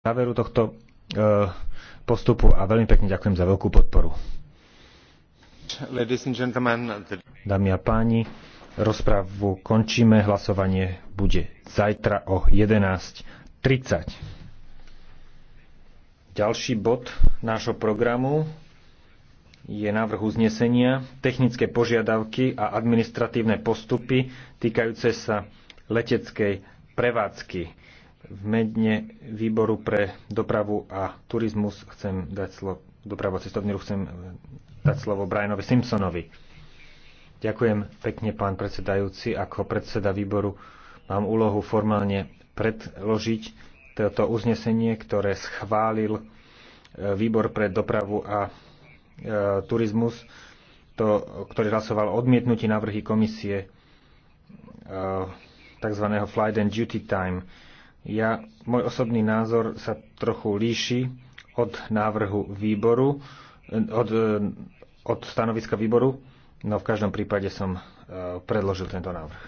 záveru tohto e, postupu a veľmi pekne ďakujem za veľkú podporu. Dámy a páni, rozprávu končíme, hlasovanie bude zajtra o 11.30. Ďalší bod nášho programu je návrh uznesenia technické požiadavky a administratívne postupy týkajúce sa leteckej prevádzky. V medne výboru pre dopravu a turizmus chcem dať slovo, dopravo cestovný ruch chcem eh, dať slovo Brianovi Simpsonovi. Ďakujem pekne, pán predsedajúci. Ako predseda výboru mám úlohu formálne predložiť toto uznesenie, ktoré schválil eh, výbor pre dopravu a eh, turizmus, to, ktorý hlasoval odmietnutí návrhy komisie tzv. flight and duty time ja, môj osobný názor sa trochu líši od návrhu výboru, od, od stanoviska výboru, no v každom prípade som e, predložil tento návrh.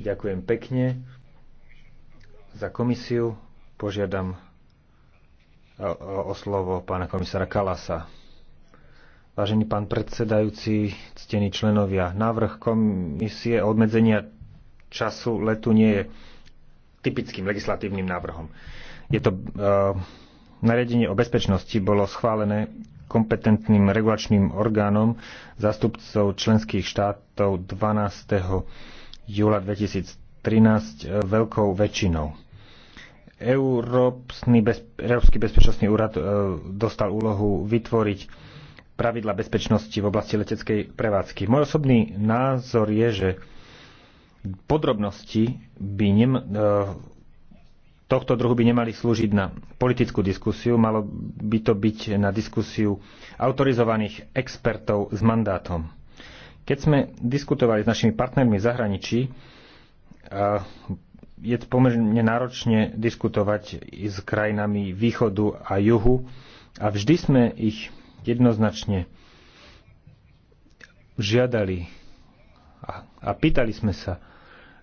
Ďakujem pekne za komisiu. Požiadam e, o, o slovo pána komisára Kalasa. Vážený pán predsedajúci, ctení členovia, návrh komisie o obmedzenia času letu nie je typickým legislatívnym návrhom. Je to e, nariadenie o bezpečnosti bolo schválené kompetentným regulačným orgánom zástupcov členských štátov 12. júla 2013 eh, veľkou väčšinou. Európsky, bezpe- Európsky bezpečnostný úrad e, dostal úlohu vytvoriť pravidla bezpečnosti v oblasti leteckej prevádzky. Môj osobný názor je, že podrobnosti by nem, e, tohto druhu by nemali slúžiť na politickú diskusiu, malo by to byť na diskusiu autorizovaných expertov s mandátom. Keď sme diskutovali s našimi partnermi v zahraničí, e, je pomerne náročne diskutovať s krajinami východu a juhu a vždy sme ich jednoznačne žiadali a, a pýtali sme sa,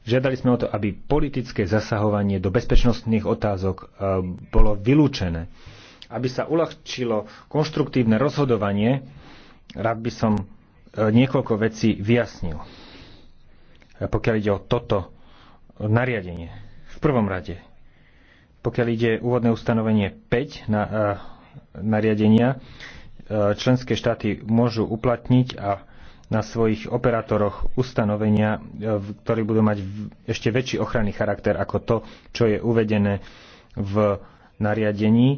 Žiadali sme o to, aby politické zasahovanie do bezpečnostných otázok eh, bolo vylúčené. Aby sa uľahčilo konštruktívne rozhodovanie, rád by som eh, niekoľko vecí vyjasnil, eh, pokiaľ ide o toto nariadenie. V prvom rade, pokiaľ ide úvodné ustanovenie 5 na, nariadenia, členské štáty môžu uplatniť a na svojich operátoroch ustanovenia, e, ktorí budú mať ešte väčší ochranný charakter ako to, čo je uvedené v nariadení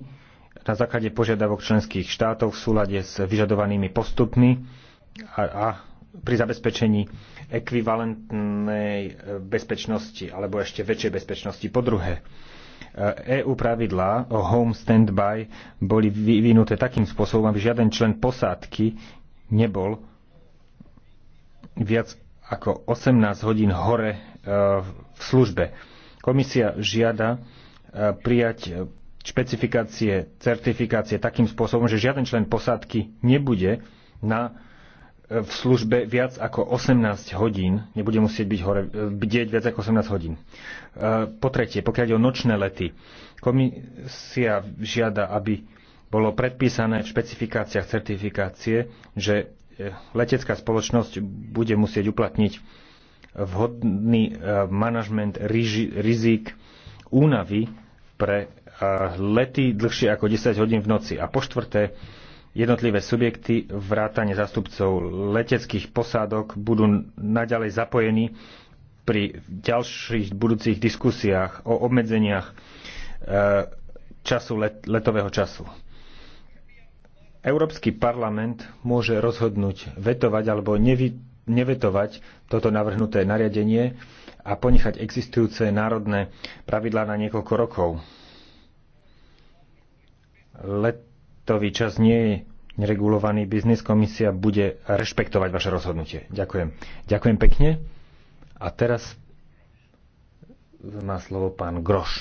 na základe požiadavok členských štátov v súlade s vyžadovanými postupmi a, a pri zabezpečení ekvivalentnej e, bezpečnosti alebo ešte väčšej bezpečnosti. Po druhé, EU e pravidlá o home standby boli vyvinuté takým spôsobom, aby žiaden člen posádky nebol viac ako 18 hodín hore e, v službe. Komisia žiada e, prijať špecifikácie, certifikácie takým spôsobom, že žiaden člen posádky nebude na, e, v službe viac ako 18 hodín, nebude musieť byť hore, bdieť viac ako 18 hodín. Po tretie, pokiaľ ide o nočné lety, komisia žiada, aby bolo predpísané v špecifikáciách certifikácie, že letecká spoločnosť bude musieť uplatniť vhodný eh, manažment rizik únavy pre eh, lety dlhšie ako 10 hodín v noci. A po štvrté, jednotlivé subjekty vrátane zástupcov leteckých posádok budú naďalej zapojení pri ďalších budúcich diskusiách o obmedzeniach eh, času let, letového času. Európsky parlament môže rozhodnúť vetovať alebo nevy, nevetovať toto navrhnuté nariadenie a ponechať existujúce národné pravidlá na niekoľko rokov. Letový čas nie je neregulovaný biznis. Komisia bude rešpektovať vaše rozhodnutie. Ďakujem. Ďakujem pekne. A teraz má slovo pán Groš.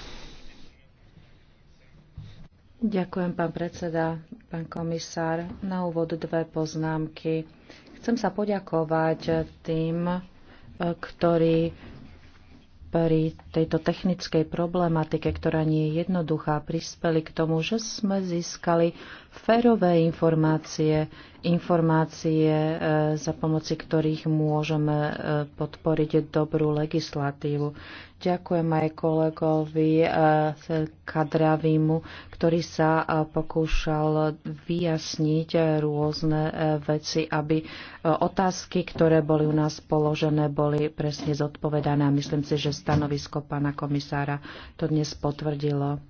Ďakujem, pán predseda, pán komisár. Na úvod dve poznámky. Chcem sa poďakovať tým, e, ktorí pri tejto technickej problematike, ktorá nie je jednoduchá, prispeli k tomu, že sme získali férové informácie, informácie, e, za pomoci ktorých môžeme e, podporiť dobrú legislatívu. Ďakujem aj kolegovi eh, Kadravimu, ktorý sa eh, pokúšal vyjasniť eh, rôzne veci, aby otázky, ktoré boli u nás položené, boli presne zodpovedané. A myslím si, že stanovisko pána komisára to dnes potvrdilo.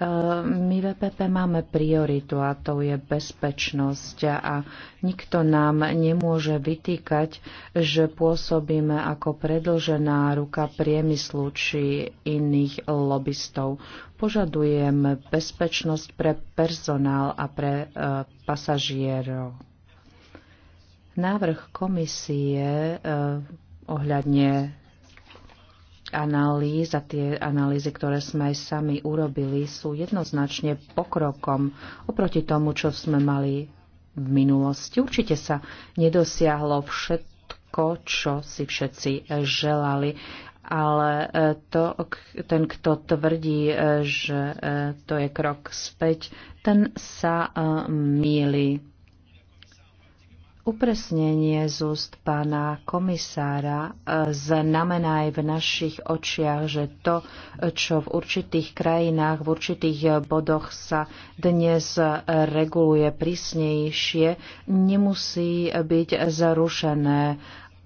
My v EPP máme prioritu a to je bezpečnosť a nikto nám nemôže vytýkať, že pôsobíme ako predlžená ruka priemyslu či iných lobbystov. Požadujem bezpečnosť pre personál a pre e, pasažierov. Návrh komisie e, ohľadne analýz a tie analýzy, ktoré sme aj sami urobili, sú jednoznačne pokrokom oproti tomu, čo sme mali v minulosti. Určite sa nedosiahlo všetko, čo si všetci želali, ale e, to, ten, kto tvrdí, e, že e, to je krok späť, ten sa míli. Upresnenie z úst pána komisára e, znamená aj v našich očiach, že to, čo v určitých krajinách, v určitých e, bodoch sa dnes reguluje prísnejšie, nemusí byť zarušené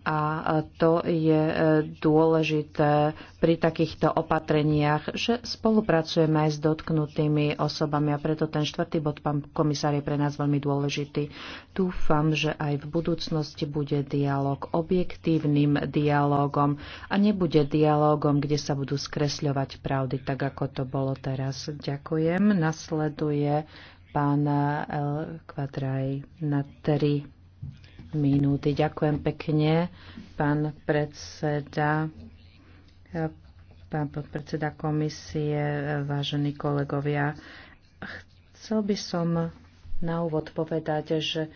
a to je e, dôležité pri takýchto opatreniach, že spolupracujeme aj s dotknutými osobami a preto ten štvrtý bod, pán komisár, je pre nás veľmi dôležitý. Dúfam, že aj v budúcnosti bude dialog objektívnym dialogom a nebude dialogom, kde sa budú skresľovať pravdy, tak ako to bolo teraz. Ďakujem. Nasleduje pán L. Kvadraj na 3 minúty. Ďakujem pekne, pán predseda. Pán podpredseda komisie, vážení kolegovia, chcel by som na úvod povedať, že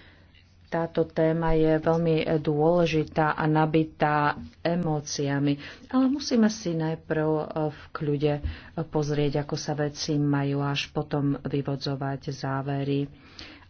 táto téma je veľmi dôležitá a nabitá emóciami. Ale musíme si najprv v kľude pozrieť, ako sa veci majú, až potom vyvodzovať závery.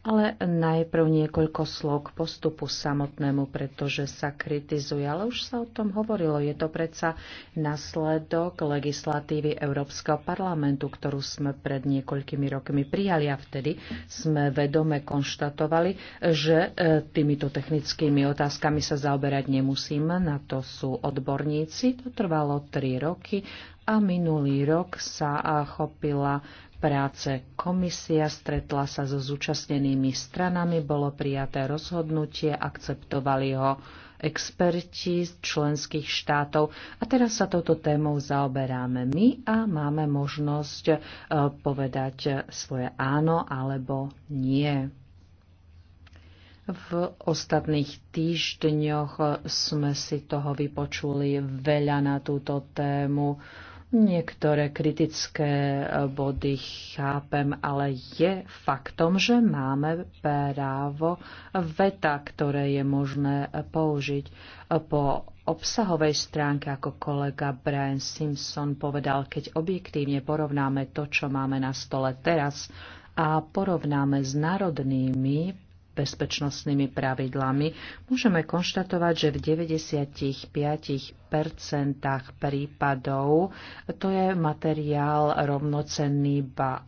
Ale najprv niekoľko slov k postupu samotnému, pretože sa kritizuje, ale už sa o tom hovorilo. Je to predsa nasledok legislatívy Európskeho parlamentu, ktorú sme pred niekoľkými rokmi prijali a vtedy sme vedome konštatovali, že e, týmito technickými otázkami sa zaoberať nemusíme. Na to sú odborníci. To trvalo tri roky a minulý rok sa chopila práce. Komisia stretla sa so zúčastnenými stranami, bolo prijaté rozhodnutie, akceptovali ho experti z členských štátov. A teraz sa touto témou zaoberáme my a máme možnosť e, povedať svoje áno alebo nie. V ostatných týždňoch sme si toho vypočuli veľa na túto tému Niektoré kritické e, body chápem, ale je faktom, že máme právo veta, ktoré je možné e, použiť e, po obsahovej stránke, ako kolega Brian Simpson povedal, keď objektívne porovnáme to, čo máme na stole teraz a porovnáme s národnými bezpečnostnými pravidlami, môžeme konštatovať, že v 95 prípadov to je materiál rovnocenný, ba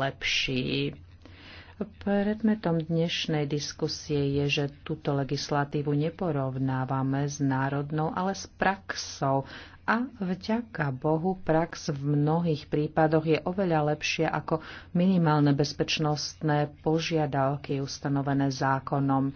lepší. Predmetom dnešnej diskusie je, že túto legislatívu neporovnávame s národnou, ale s praxou a vďaka Bohu prax v mnohých prípadoch je oveľa lepšia ako minimálne bezpečnostné požiadavky ustanovené zákonom.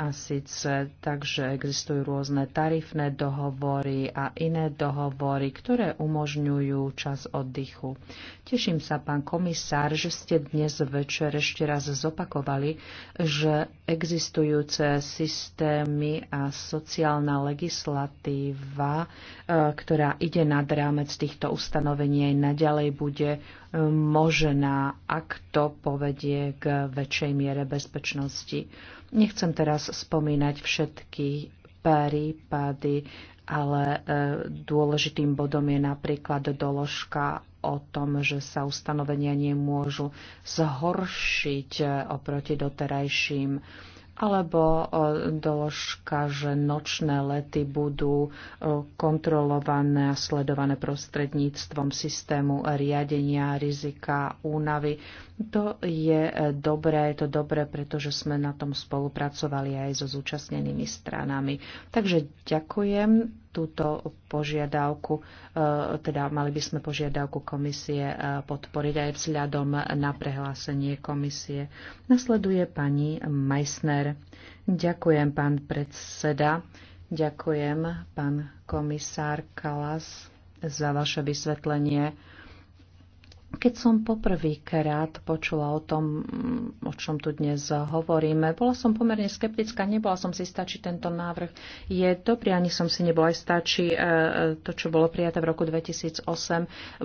A síce takže existujú rôzne tarifné dohovory a iné dohovory, ktoré umožňujú čas oddychu. Teším sa, pán komisár, že ste dnes večer ešte raz zopakovali, že existujúce systémy a sociálna legislatíva, e, ktorá ide nad rámec týchto ustanovení, aj naďalej bude e, možná, ak to povedie k väčšej miere bezpečnosti. Nechcem teraz spomínať všetky prípady, ale e, dôležitým bodom je napríklad doložka o tom, že sa ustanovenia nemôžu zhoršiť e, oproti doterajším alebo e, doložka, že nočné lety budú e, kontrolované a sledované prostredníctvom systému riadenia rizika únavy. To je e, dobré, je to dobré, pretože sme na tom spolupracovali aj so zúčastnenými stranami. Takže ďakujem túto požiadavku, e, teda mali by sme požiadavku komisie e, podporiť aj vzhľadom na prehlásenie komisie. Nasleduje pani Meissner. Ďakujem, pán predseda. Ďakujem, pán komisár Kalas, za vaše vysvetlenie keď som poprvýkrát počula o tom, mm, o čom tu dnes hovoríme, bola som pomerne skeptická, nebola som si stačí tento návrh. Je dobrý, ani som si nebola aj stačí e, e, to, čo bolo prijaté v roku 2008,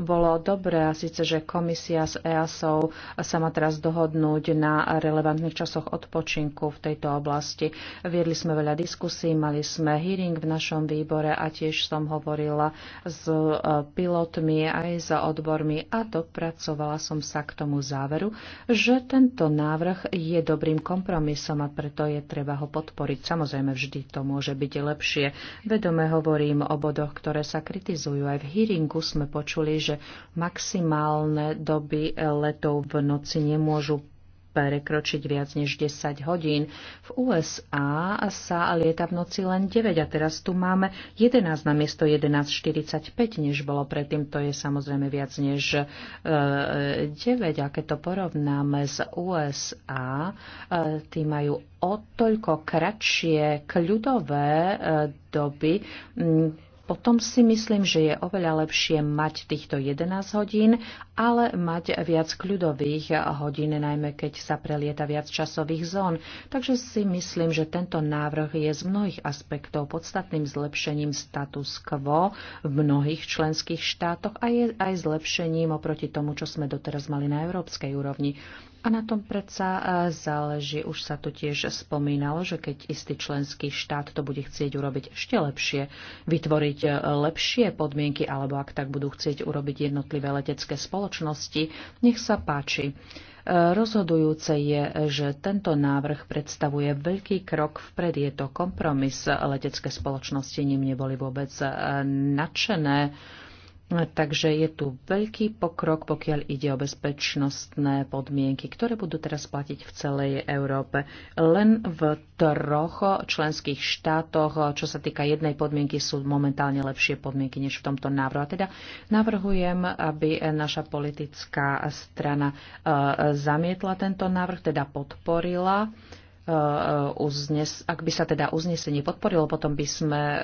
bolo dobré a síce, že komisia s EASO sa má teraz dohodnúť na relevantných časoch odpočinku v tejto oblasti. Viedli sme veľa diskusí, mali sme hearing v našom výbore a tiež som hovorila s e, pilotmi aj s odbormi a to dopracovala som sa k tomu záveru, že tento návrh je dobrým kompromisom a preto je treba ho podporiť. Samozrejme, vždy to môže byť lepšie. Vedome hovorím o bodoch, ktoré sa kritizujú. Aj v hearingu sme počuli, že maximálne doby letov v noci nemôžu prekročiť viac než 10 hodín. V USA sa lieta v noci len 9 a teraz tu máme 11 na miesto 11.45, než bolo predtým. To je samozrejme viac než 9 e, a keď to porovnáme s USA, e, tí majú o toľko kratšie kľudové e, doby, potom si myslím, že je oveľa lepšie mať týchto 11 hodín, ale mať viac kľudových hodín, najmä keď sa prelieta viac časových zón. Takže si myslím, že tento návrh je z mnohých aspektov podstatným zlepšením status quo v mnohých členských štátoch a je aj zlepšením oproti tomu, čo sme doteraz mali na európskej úrovni. A na tom predsa e, záleží, už sa tu tiež spomínalo, že keď istý členský štát to bude chcieť urobiť ešte lepšie, vytvoriť e, lepšie podmienky, alebo ak tak budú chcieť urobiť jednotlivé letecké spoločnosti, nech sa páči. E, rozhodujúce je, že tento návrh predstavuje veľký krok vpred. Je to kompromis. Letecké spoločnosti ním neboli vôbec nadšené. No, takže je tu veľký pokrok, pokiaľ ide o bezpečnostné podmienky, ktoré budú teraz platiť v celej Európe. Len v troch členských štátoch, čo sa týka jednej podmienky, sú momentálne lepšie podmienky než v tomto návrhu. A teda navrhujem, aby naša politická strana e, zamietla tento návrh, teda podporila e, uznes, ak by sa teda uznesenie podporilo, potom by sme e,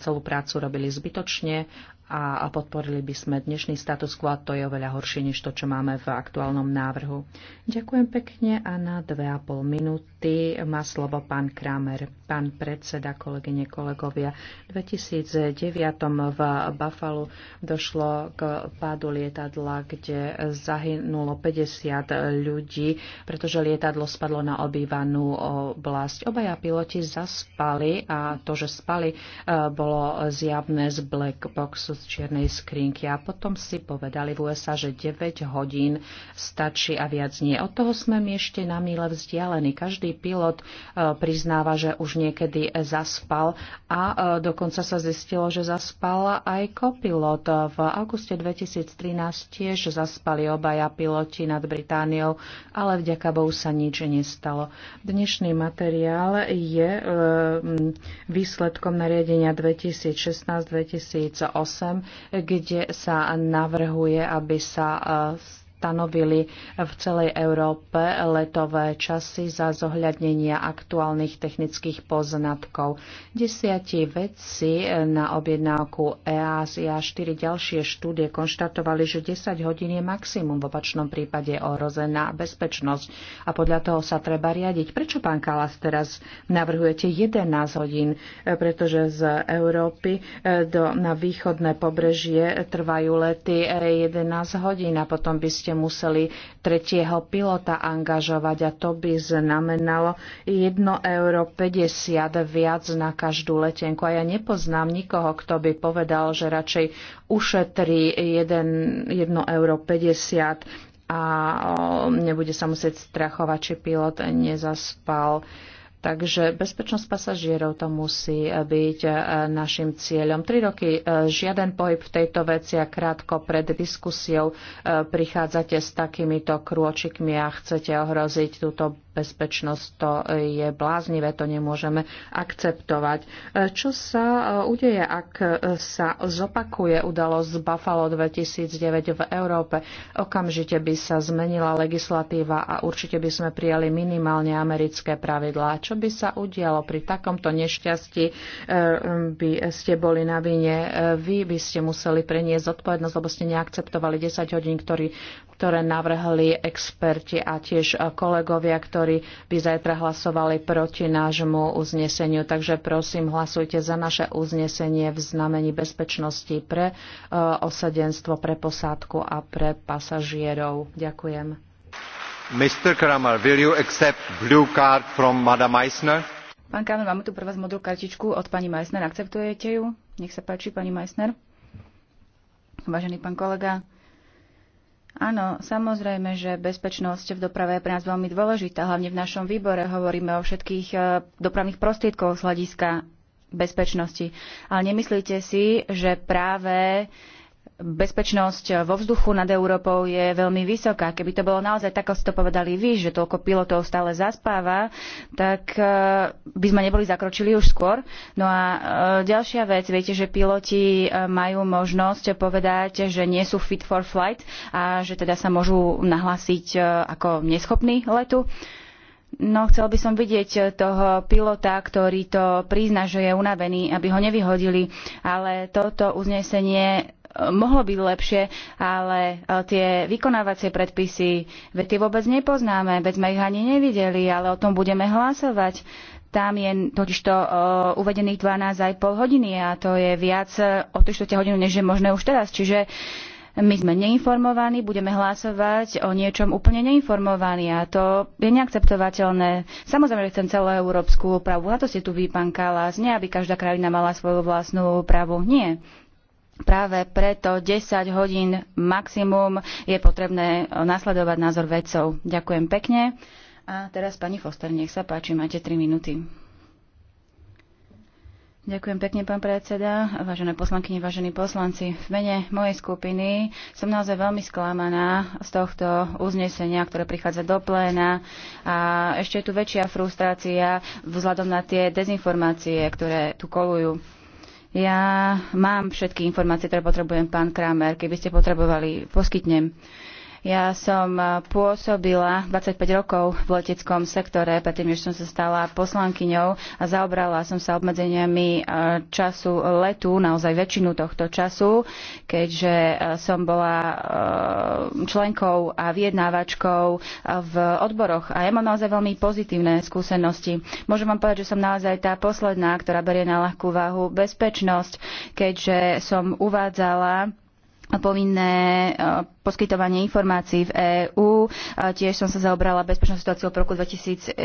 celú prácu robili zbytočne a podporili by sme dnešný status quo, to je oveľa horšie než to, čo máme v aktuálnom návrhu. Ďakujem pekne a na dve a pol minúty má slovo pán Kramer, pán predseda, kolegyne, kolegovia. V 2009 v Buffalo došlo k pádu lietadla, kde zahynulo 50 ľudí, pretože lietadlo spadlo na obývanú oblasť. Obaja piloti zaspali a to, že spali, eh, bolo zjavné z black boxu z čiernej skrinky a potom si povedali v USA, že 9 hodín stačí a viac nie. Od toho sme my ešte na míle vzdialení. Každý pilot e, priznáva, že už niekedy zaspal a e, dokonca sa zistilo, že zaspal aj kopilot. V auguste 2013 tiež zaspali obaja piloti nad Britániou, ale vďaka Bohu sa nič nestalo. Dnešný materiál je e, výsledkom nariadenia 2016-2008 kde sa navrhuje, aby sa eh, stanovili v celej Európe letové časy za zohľadnenia aktuálnych technických poznatkov. Desiatí vedci na objednávku EAS a štyri ďalšie štúdie konštatovali, že 10 hodín je maximum, v opačnom prípade ohrozená bezpečnosť a podľa toho sa treba riadiť. Prečo, pán Kalas, teraz navrhujete 11 hodín, pretože z Európy e, do, na východné pobrežie trvajú lety 11 e, hodín a potom by ste ste museli tretieho pilota angažovať a to by znamenalo 1,50 euro viac na každú letenku. A ja nepoznám nikoho, kto by povedal, že radšej ušetrí 1,50 euro a nebude sa musieť strachovať, či pilot nezaspal. Takže bezpečnosť pasažierov to musí eh, byť eh, našim cieľom. Tri roky eh, žiaden pohyb v tejto veci a krátko pred diskusiou prichádzate s takýmito krôčikmi a chcete ohroziť túto bezpečnosť. To je bláznivé, to nemôžeme akceptovať. Čo sa e, udeje, ak sa zopakuje udalosť z Buffalo 2009 v Európe? Okamžite by sa zmenila legislatíva a určite by sme prijali minimálne americké pravidlá. Čo by sa udialo pri takomto nešťastí? E, by ste boli na vine, e, vy by ste museli preniesť zodpovednosť, lebo ste neakceptovali 10 hodín, ktorý, ktoré navrhli experti a tiež kolegovia, ktorí ktorí by zajtra hlasovali proti nášmu uzneseniu. Takže prosím, hlasujte za naše uznesenie v znamení bezpečnosti pre e, osadenstvo, pre posádku a pre pasažierov. Ďakujem. Mr. Kramer, will you accept blue card from Madame Meissner? Pán Kramer, máme tu pre vás modrú kartičku od pani Meissner. Akceptujete ju? Nech sa páči, pani Meissner. Vážený pán kolega, Áno, samozrejme, že bezpečnosť v doprave je pre nás veľmi dôležitá. Hlavne v našom výbore hovoríme o všetkých e, dopravných prostriedkoch z hľadiska bezpečnosti. Ale nemyslíte si, že práve bezpečnosť vo vzduchu nad Európou je veľmi vysoká. Keby to bolo naozaj tak, ako ste to povedali vy, že toľko pilotov stále zaspáva, tak e, by sme neboli zakročili už skôr. No a e, ďalšia vec, viete, že piloti e, majú možnosť povedať, že nie sú fit for flight a že teda sa môžu nahlásiť ako neschopní letu. No, chcel by som vidieť toho pilota, ktorý to prizna, že je unavený, aby ho nevyhodili, ale toto uznesenie mohlo byť lepšie, ale e, tie vykonávacie predpisy, veď tie vôbec nepoznáme, veď sme ich ani nevideli, ale o tom budeme hlasovať. Tam je totižto e, uvedených 12 aj pol hodiny a to je viac e, o 3 hodinu, než je možné už teraz. Čiže my sme neinformovaní, budeme hlasovať o niečom úplne neinformovaní a to je neakceptovateľné. Samozrejme, že chcem celú európsku úpravu. A to ste tu vy, pán Kalas. Nie, aby každá krajina mala svoju vlastnú úpravu. Nie. Práve preto 10 hodín maximum je potrebné e, nasledovať názor vedcov. Ďakujem pekne. A teraz pani Foster, nech sa páči, máte 3 minúty. Ďakujem pekne, pán predseda. Vážené poslankyne, vážení poslanci, v mene mojej skupiny som naozaj veľmi sklamaná z tohto uznesenia, ktoré prichádza do pléna. A ešte je tu väčšia frustrácia vzhľadom na tie dezinformácie, ktoré tu kolujú. Ja mám všetky informácie, ktoré potrebujem, pán Kramer. Keby ste potrebovali, poskytnem. Uh, ja som eh, pôsobila 25 rokov v leteckom sektore, predtým, než som sa stala poslankyňou a zaobrala som sa obmedzeniami eh, času letu, naozaj väčšinu tohto času, keďže eh, som bola členkou a vyjednávačkou v odboroch. A ja mám naozaj veľmi pozitívne skúsenosti. Môžem vám povedať, že som naozaj tá posledná, ktorá berie na ľahkú váhu bezpečnosť, keďže som uvádzala povinné poskytovanie informácií v EÚ. Tiež som sa zaobrala bezpečnou situáciou v roku 2011,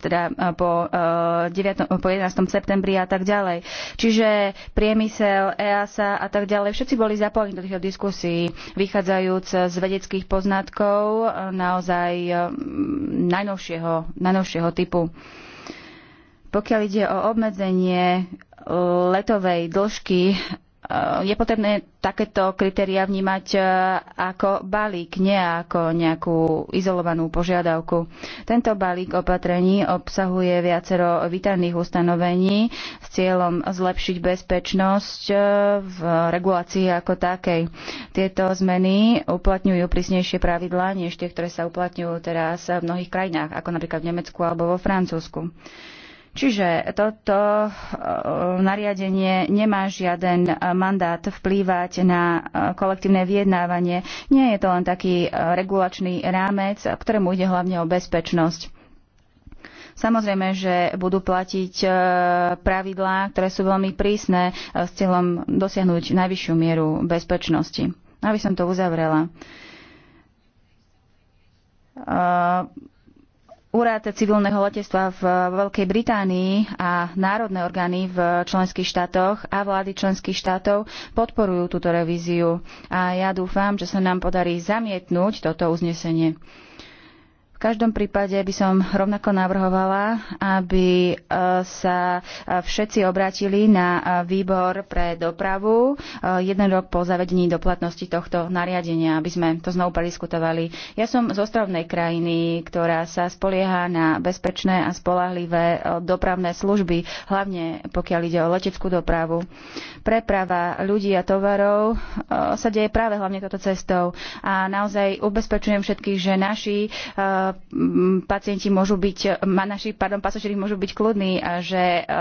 teda po, 9, po 11. septembri a tak ďalej. Čiže priemysel, EASA a tak ďalej, všetci boli zapojení do týchto diskusí, vychádzajúc z vedeckých poznatkov naozaj najnovšieho, najnovšieho typu. Pokiaľ ide o obmedzenie e, letovej dĺžky Eh, je potrebné takéto kritéria vnímať eh, ako balík, nie ako nejakú izolovanú požiadavku. Tento balík opatrení obsahuje viacero vítaných ustanovení s cieľom zlepšiť bezpečnosť eh, v regulácii ako takej. Tieto zmeny uplatňujú prísnejšie pravidlá než tie, ktoré sa uplatňujú teraz v mnohých krajinách, ako napríklad v Nemecku alebo vo Francúzsku. Čiže toto eh, nariadenie nemá žiaden eh, mandát vplývať na eh, kolektívne vyjednávanie. Nie je to len taký regulačný rámec, ktorému ide hlavne o bezpečnosť. Samozrejme, že budú platiť pravidlá, ktoré sú veľmi prísne s cieľom dosiahnuť najvyššiu mieru bezpečnosti. Aby som to uzavrela. Úrad civilného letectva v Veľkej Británii a národné orgány v členských štátoch a vlády členských štátov podporujú túto revíziu. A ja dúfam, že sa nám podarí zamietnúť toto uznesenie. V každom prípade by som rovnako navrhovala, aby e, sa e, všetci obratili na e, výbor pre dopravu jeden rok po zavedení do platnosti tohto nariadenia, aby sme to znovu prediskutovali. Ja som z ostrovnej krajiny, ktorá sa spolieha na bezpečné a spolahlivé dopravné služby, hlavne pokiaľ ide o leteckú dopravu. Preprava ľudí a tovarov sa deje práve hlavne toto cestou a naozaj ubezpečujem všetkých, že naši pacienti môžu byť, naši pardon, pasažieri môžu byť kľudní, že e,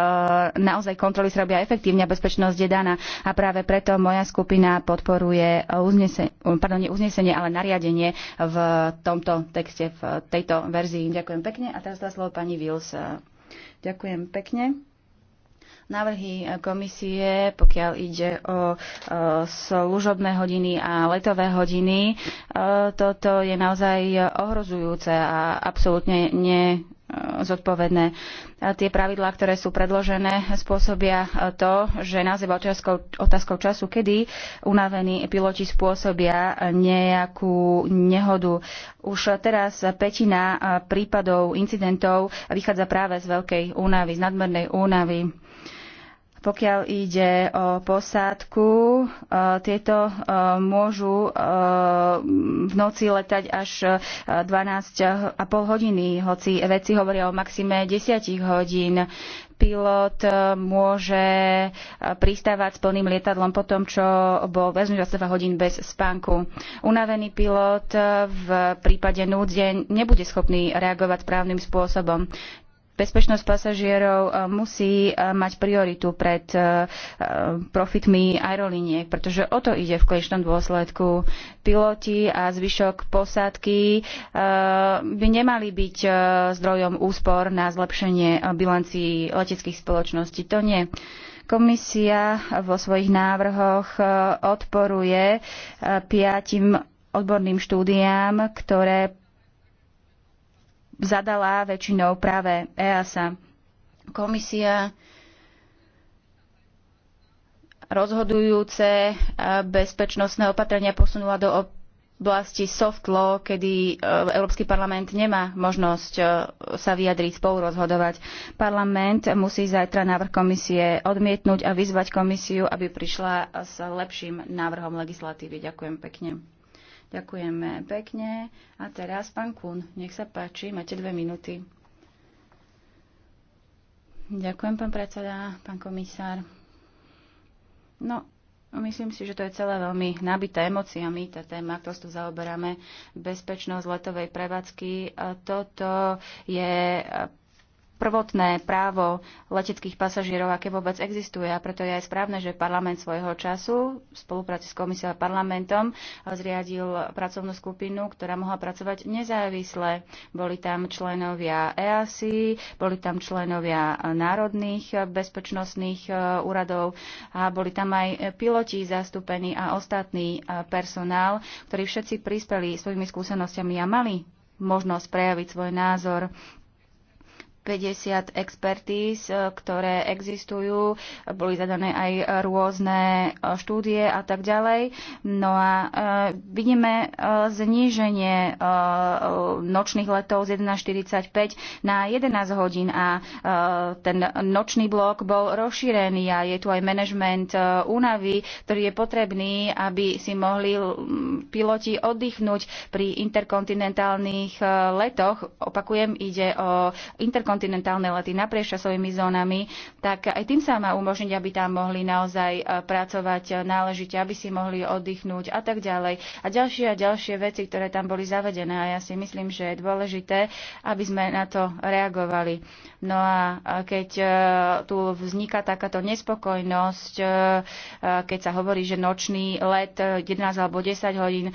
naozaj kontroly sa robia efektívne a bezpečnosť je daná. A práve preto moja skupina podporuje uznesenie, pardon, nie uznesenie, ale nariadenie v tomto texte, v tejto verzii. Ďakujem pekne. A teraz dá slovo pani Wills. Ďakujem pekne. Návrhy e, komisie, pokiaľ ide o e, služobné hodiny a letové hodiny, e, toto je naozaj ohrozujúce a absolútne ne zodpovedné. A tie pravidlá, ktoré sú predložené, spôsobia to, že nás je otázkou, otázkou času, kedy unavení piloti spôsobia nejakú nehodu. Už teraz petina prípadov, incidentov vychádza práve z veľkej únavy, z nadmernej únavy pokiaľ ide o posádku, e, tieto e, môžu e, v noci letať až 12,5 hodiny, hoci vedci hovoria o maxime 10 hodín pilot môže pristávať s plným lietadlom po tom, čo bol väzný 22 hodín bez spánku. Unavený pilot v prípade núdze nebude schopný reagovať správnym spôsobom bezpečnosť pasažierov e, musí e, mať prioritu pred e, profitmi aerolíniek, pretože o to ide v konečnom dôsledku. Piloti a zvyšok posádky by nemali byť zdrojom úspor na zlepšenie bilancií leteckých spoločností. To nie. Komisia vo svojich návrhoch odporuje piatim odborným štúdiám, ktoré zadala väčšinou práve EASA. Komisia rozhodujúce eh, bezpečnostné opatrenia posunula do oblasti soft law, kedy eh, Európsky parlament nemá možnosť eh, sa vyjadriť, spolurozhodovať. Parlament musí zajtra návrh komisie odmietnúť a vyzvať komisiu, aby prišla s lepším návrhom legislatívy. Ďakujem pekne. Ďakujeme pekne. A teraz pán Kun, nech sa páči, máte dve minúty. Ďakujem, pán predseda, pán komisár. No, myslím si, že to je celé veľmi nabité emóciami, tá téma, ktorú tu zaoberáme, bezpečnosť letovej prevádzky. Toto je prvotné právo leteckých pasažierov, aké vôbec existuje. A preto je aj správne, že parlament svojho času v spolupráci s komisiou a parlamentom zriadil pracovnú skupinu, ktorá mohla pracovať nezávisle. Boli tam členovia EASI, boli tam členovia národných bezpečnostných e, úradov a boli tam aj piloti zastúpení a ostatný e, personál, ktorí všetci prispeli svojimi skúsenostiami a mali možnosť prejaviť svoj názor 50 expertíz, e, ktoré existujú, boli zadané aj rôzne e, štúdie a tak ďalej. No a e, vidíme zníženie nočných letov z 1.45 na 11 hodín a ten nočný blok bol rozšírený a je tu aj manažment únavy, ktorý je potrebný, aby si mohli piloti oddychnúť pri interkontinentálnych letoch. Opakujem, ide o interkontinentálnych kontinentálnej lety naprieč časovými zónami, tak aj tým sa má umožniť, aby tam mohli naozaj e, pracovať e, náležite, aby si mohli oddychnúť a tak ďalej. A ďalšie a ďalšie veci, ktoré tam boli zavedené a ja si myslím, že je dôležité, aby sme na to reagovali. No a keď e, tu vzniká takáto nespokojnosť, keď sa hovorí, že nočný let 11 alebo 10 hodín,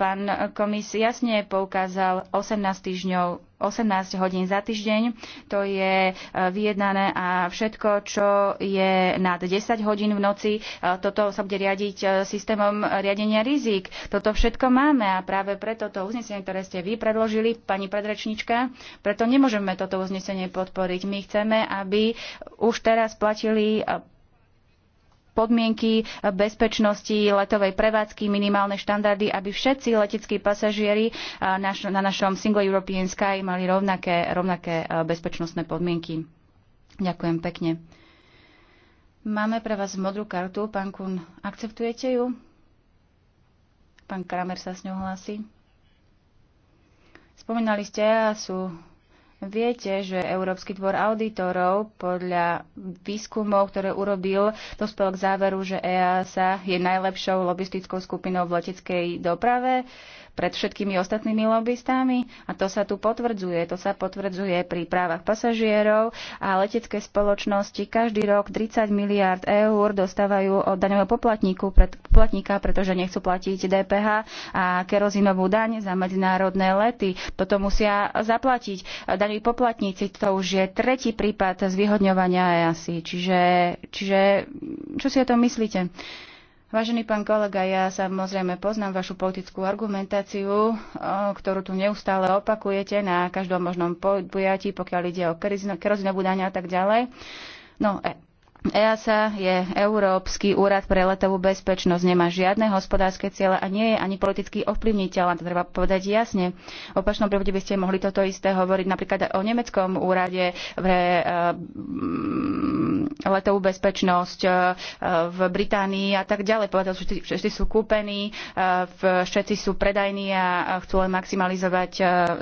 pán komis jasne poukázal 18 týždňov 18 hodín za týždeň. To je e, vyjednané a všetko, čo je nad 10 hodín v noci, e, toto sa bude riadiť e, systémom riadenia rizik. Toto všetko máme a práve preto to uznesenie, ktoré ste vy predložili, pani predrečnička, preto nemôžeme toto uznesenie podporiť. My chceme, aby už teraz platili podmienky bezpečnosti letovej prevádzky, minimálne štandardy, aby všetci leteckí pasažieri na našom Single European Sky mali rovnaké, rovnaké bezpečnostné podmienky. Ďakujem pekne. Máme pre vás modrú kartu. Pán Kun, akceptujete ju? Pán Kramer sa s ňou hlási. Spomínali ste a sú Viete, že Európsky dvor auditorov podľa výskumov, ktoré urobil, dospel k záveru, že EASA je najlepšou lobistickou skupinou v leteckej doprave pred všetkými ostatnými lobbystami a to sa tu potvrdzuje. To sa potvrdzuje pri právach pasažierov a letecké spoločnosti každý rok 30 miliard eur dostávajú od daňového poplatníku, pred, poplatníka, pretože nechcú platiť DPH a kerozinovú daň za medzinárodné lety. Toto musia zaplatiť daňoví poplatníci. To už je tretí prípad zvýhodňovania EASI. Čiže, čiže čo si o tom myslíte? Vážený pán kolega, ja samozrejme poznám vašu politickú argumentáciu, ktorú tu neustále opakujete na každom možnom podujatí, pokiaľ ide o kerozinovú daň a tak ďalej. No, e, EASA je Európsky úrad pre letovú bezpečnosť, nemá žiadne hospodárske ciele a nie je ani politicky ovplyvniteľ. To treba povedať jasne. V opačnom prípade by ste mohli toto isté hovoriť napríklad o nemeckom úrade pre e, mm, letovú bezpečnosť e, v Británii a tak ďalej. Povedal, že všetci sú kúpení, e, všetci sú predajní a chcú len maximalizovať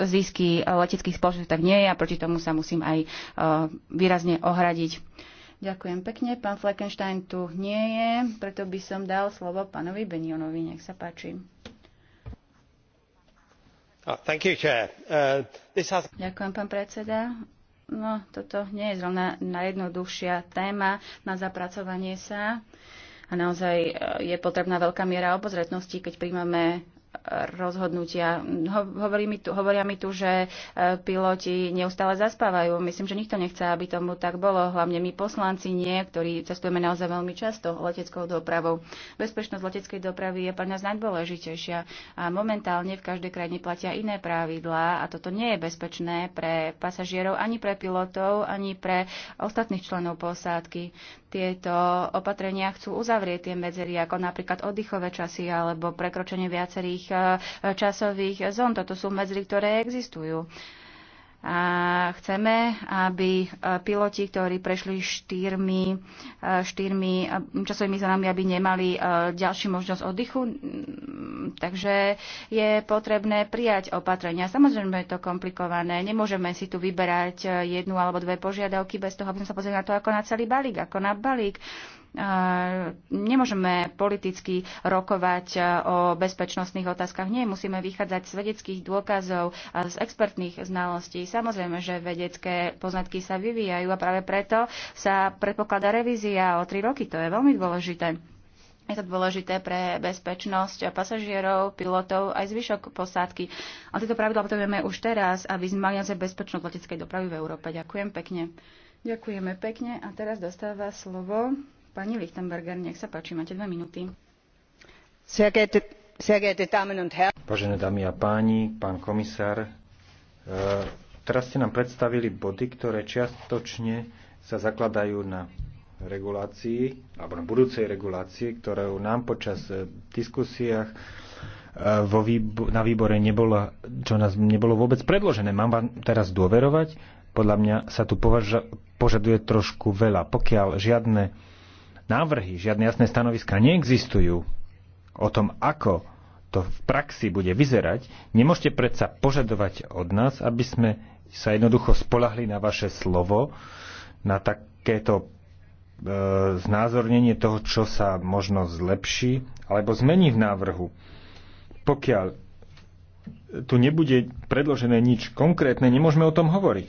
zisky leteckých spoločností. Tak nie je a proti tomu sa musím aj výrazne ohradiť. Ďakujem pekne. Pán Fleckenstein tu nie je, preto by som dal slovo pánovi Benionovi. Nech sa páči. Oh, you, uh, has... Ďakujem, pán predseda. No, toto nie je zrovna najjednoduchšia téma na zapracovanie sa. A naozaj eh, je potrebná veľká miera obozretnosti, keď príjmame rozhodnutia. Hovorí mi tu, hovoria mi tu, že e, piloti neustále zaspávajú. Myslím, že nikto nechce, aby tomu tak bolo. Hlavne my poslanci nie, ktorí cestujeme naozaj veľmi často leteckou dopravou. Bezpečnosť leteckej dopravy je pre nás najdôležitejšia. A momentálne v každej krajine platia iné pravidlá a toto nie je bezpečné pre pasažierov, ani pre pilotov, ani pre ostatných členov posádky. Tieto opatrenia chcú uzavrieť tie medzery, ako napríklad oddychové časy alebo prekročenie viacerých rôznych e, časových zón. Toto sú medzery, ktoré existujú. A chceme, aby e, piloti, ktorí prešli štyrmi, e, štyrmi časovými zónami, aby nemali ďalšiu možnosť oddychu. Mm, takže je potrebné prijať opatrenia. Samozrejme je to komplikované. Nemôžeme si tu vyberať jednu alebo dve požiadavky bez toho, aby sme sa pozreli na to ako na celý balík, ako na balík nemôžeme politicky rokovať e, o bezpečnostných otázkach. Nie, musíme vychádzať z vedeckých dôkazov, z expertných znalostí. Samozrejme, že vedecké poznatky sa vyvíjajú a práve preto sa predpokladá revízia o tri roky. To je veľmi dôležité. Je to dôležité pre bezpečnosť pasažierov, pilotov aj zvyšok posádky. A tieto pravidla potrebujeme už teraz, aby sme mali bezpečnosť leteckej dopravy v Európe. Ďakujem pekne. Ďakujeme pekne a teraz dostáva slovo Pani Lichtenberger, nech sa páči, máte dve minúty. Vážené dámy a páni, pán komisár, e, teraz ste nám predstavili body, ktoré čiastočne sa zakladajú na regulácii alebo na budúcej regulácii, ktorú nám počas e, diskusiách e, vo výbo- na výbore nebolo, čo nás nebolo vôbec predložené. Mám vám teraz dôverovať? Podľa mňa sa tu považa- požaduje trošku veľa. Pokiaľ žiadne návrhy, žiadne jasné stanoviska neexistujú o tom, ako to v praxi bude vyzerať, nemôžete predsa požadovať od nás, aby sme sa jednoducho spolahli na vaše slovo, na takéto e, znázornenie toho, čo sa možno zlepší alebo zmení v návrhu. Pokiaľ tu nebude predložené nič konkrétne, nemôžeme o tom hovoriť.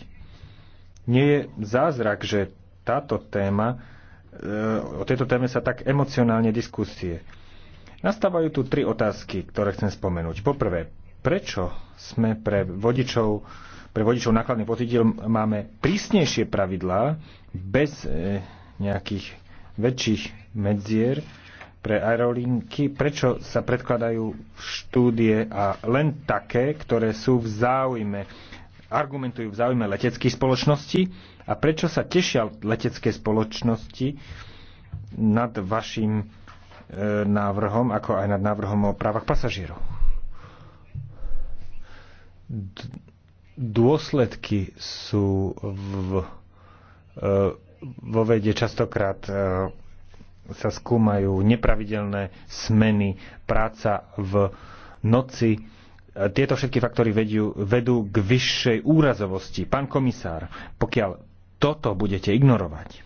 Nie je zázrak, že táto téma E, o tejto téme sa tak emocionálne diskusie. Nastávajú tu tri otázky, ktoré chcem spomenúť. Poprvé, prečo sme pre vodičov, pre vodičov nákladných vozidiel máme prísnejšie pravidlá bez e, nejakých väčších medzier pre aerolinky, prečo sa predkladajú štúdie a len také, ktoré sú v záujme, argumentujú v záujme leteckých spoločností a prečo sa tešia letecké spoločnosti nad vašim e, návrhom, ako aj nad návrhom o právach pasažierov. Dôsledky sú v, e, vo vede častokrát e, sa skúmajú nepravidelné smeny, práca v noci. Tieto všetky faktory vedú, vedú k vyššej úrazovosti. Pán komisár, pokiaľ toto budete ignorovať,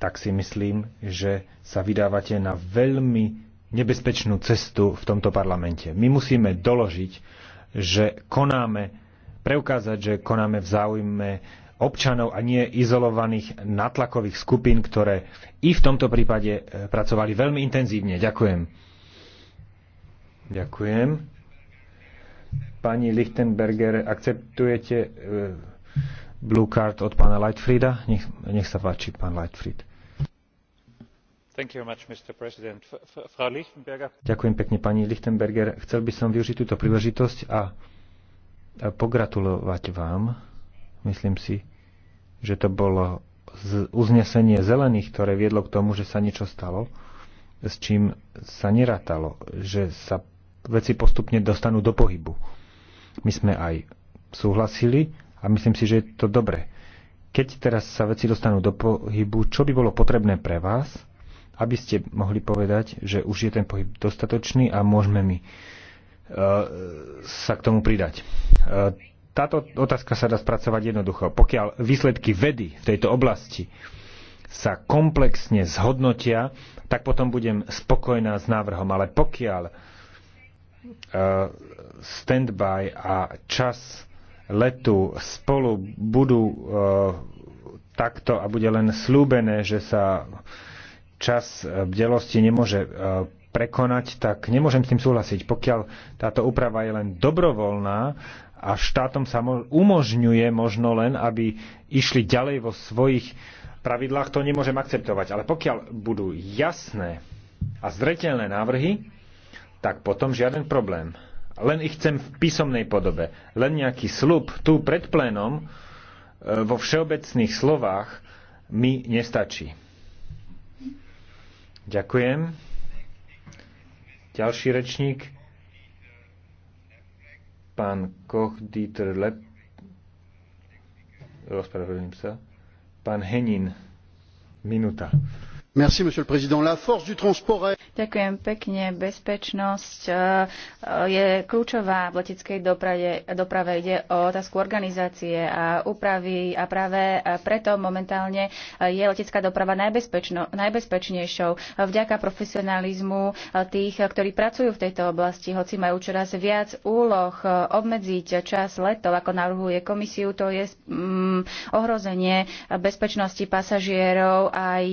tak si myslím, že sa vydávate na veľmi nebezpečnú cestu v tomto parlamente. My musíme doložiť, že konáme, preukázať, že konáme v záujme občanov a nie izolovaných natlakových skupín, ktoré i v tomto prípade e, pracovali veľmi intenzívne. Ďakujem. Ďakujem. Pani Lichtenberger, akceptujete e, blue card od pána Lightfrieda. Nech, nech sa páči, pán Lightfried. Ďakujem pekne, pani Lichtenberger. Chcel by som využiť túto príležitosť a pogratulovať vám. Myslím si, že to bolo uznesenie zelených, ktoré viedlo k tomu, že sa niečo stalo, s čím sa nerátalo, že sa veci postupne dostanú do pohybu. My sme aj súhlasili a myslím si, že je to dobré. Keď teraz sa veci dostanú do pohybu, čo by bolo potrebné pre vás, aby ste mohli povedať, že už je ten pohyb dostatočný a môžeme my e, sa k tomu pridať. E, táto otázka sa dá spracovať jednoducho. Pokiaľ výsledky vedy v tejto oblasti sa komplexne zhodnotia, tak potom budem spokojná s návrhom. Ale pokiaľ e, stand-by a čas letu spolu budú e, takto a bude len slúbené, že sa čas e, bdelosti nemôže e, prekonať, tak nemôžem s tým súhlasiť. Pokiaľ táto úprava je len dobrovoľná a štátom sa umožňuje možno len, aby išli ďalej vo svojich pravidlách, to nemôžem akceptovať. Ale pokiaľ budú jasné a zreteľné návrhy, tak potom žiaden problém len ich chcem v písomnej podobe. Len nejaký slub tu pred plénom e, vo všeobecných slovách mi nestačí. Ďakujem. Ďalší rečník, pán Koch Dieter Lep, rozpravedlím sa, pán Henin, minúta. Ďakujem pekne. Bezpečnosť eh, eh, je kľúčová v leteckej doprave. doprave. Ide o otázku organizácie a úpravy a práve eh, preto momentálne je letecká doprava najbezpečnejšou vďaka profesionalizmu tých, ktorí pracujú v tejto oblasti, hoci majú čoraz viac úloh obmedziť čas letov, ako navrhuje komisiu, to je mm, ohrozenie bezpečnosti pasažierov aj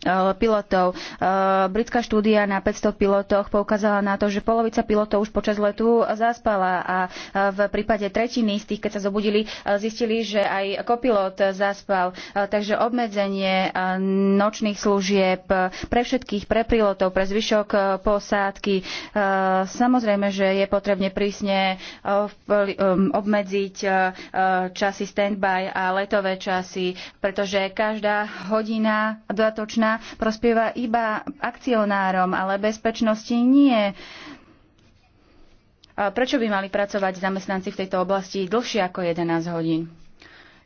Eh, pilotov. Eh, britská štúdia na 500 pilotoch poukázala na to, že polovica pilotov už počas letu zaspala a eh, v prípade tretiny z tých, keď sa zobudili, zistili, že aj kopilot zaspal. Takže obmedzenie nočných služieb pre všetkých, pre pilotov, pre zvyšok posádky. Samozrejme, že je potrebne prísne obmedziť časy standby a letové časy, pretože každá hodina dodatočná prospieva iba akcionárom, ale bezpečnosti nie. Prečo by mali pracovať zamestnanci v tejto oblasti dlhšie ako 11 hodín?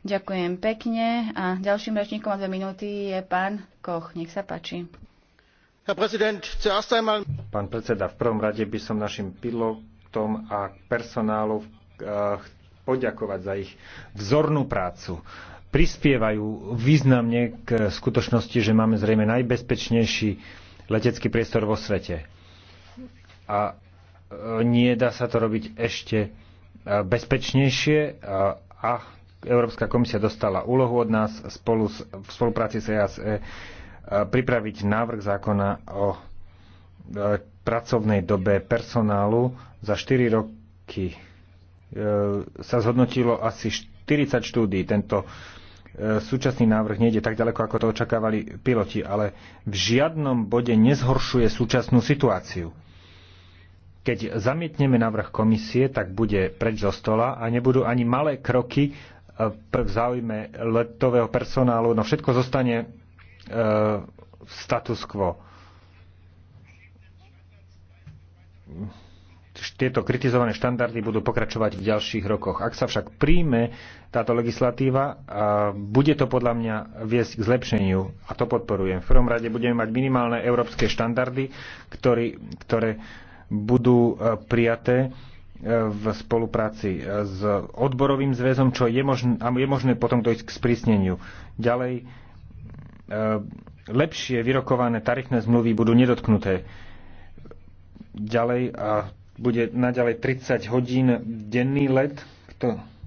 Ďakujem pekne a ďalším rečníkom a dve minúty je pán Koch. Nech sa páči. Pán predseda, v prvom rade by som našim pilotom a personálu eh, poďakovať za ich vzornú prácu prispievajú významne k skutočnosti, že máme zrejme najbezpečnejší letecký priestor vo svete. A e, nie dá sa to robiť ešte e, bezpečnejšie a, a Európska komisia dostala úlohu od nás spolu s, v spolupráci s EASE e, pripraviť návrh zákona o pracovnej dobe personálu. Za 4 roky sa zhodnotilo asi 40 štúdí. Tento E, súčasný návrh nejde tak ďaleko, ako to očakávali piloti, ale v žiadnom bode nezhoršuje súčasnú situáciu. Keď zamietneme návrh komisie, tak bude preč zo stola a nebudú ani malé kroky e, v záujme letového personálu, no všetko zostane v e, status quo tieto kritizované štandardy budú pokračovať v ďalších rokoch. Ak sa však príjme táto legislatíva, bude to podľa mňa viesť k zlepšeniu a to podporujem. V prvom rade budeme mať minimálne európske štandardy, ktorý, ktoré budú e, prijaté e, v spolupráci e, s odborovým zväzom, čo je možné, je možné potom dojsť k sprísneniu. Ďalej, lepšie vyrokované tarifné zmluvy budú nedotknuté. Ďalej, a bude naďalej 30 hodín denný let,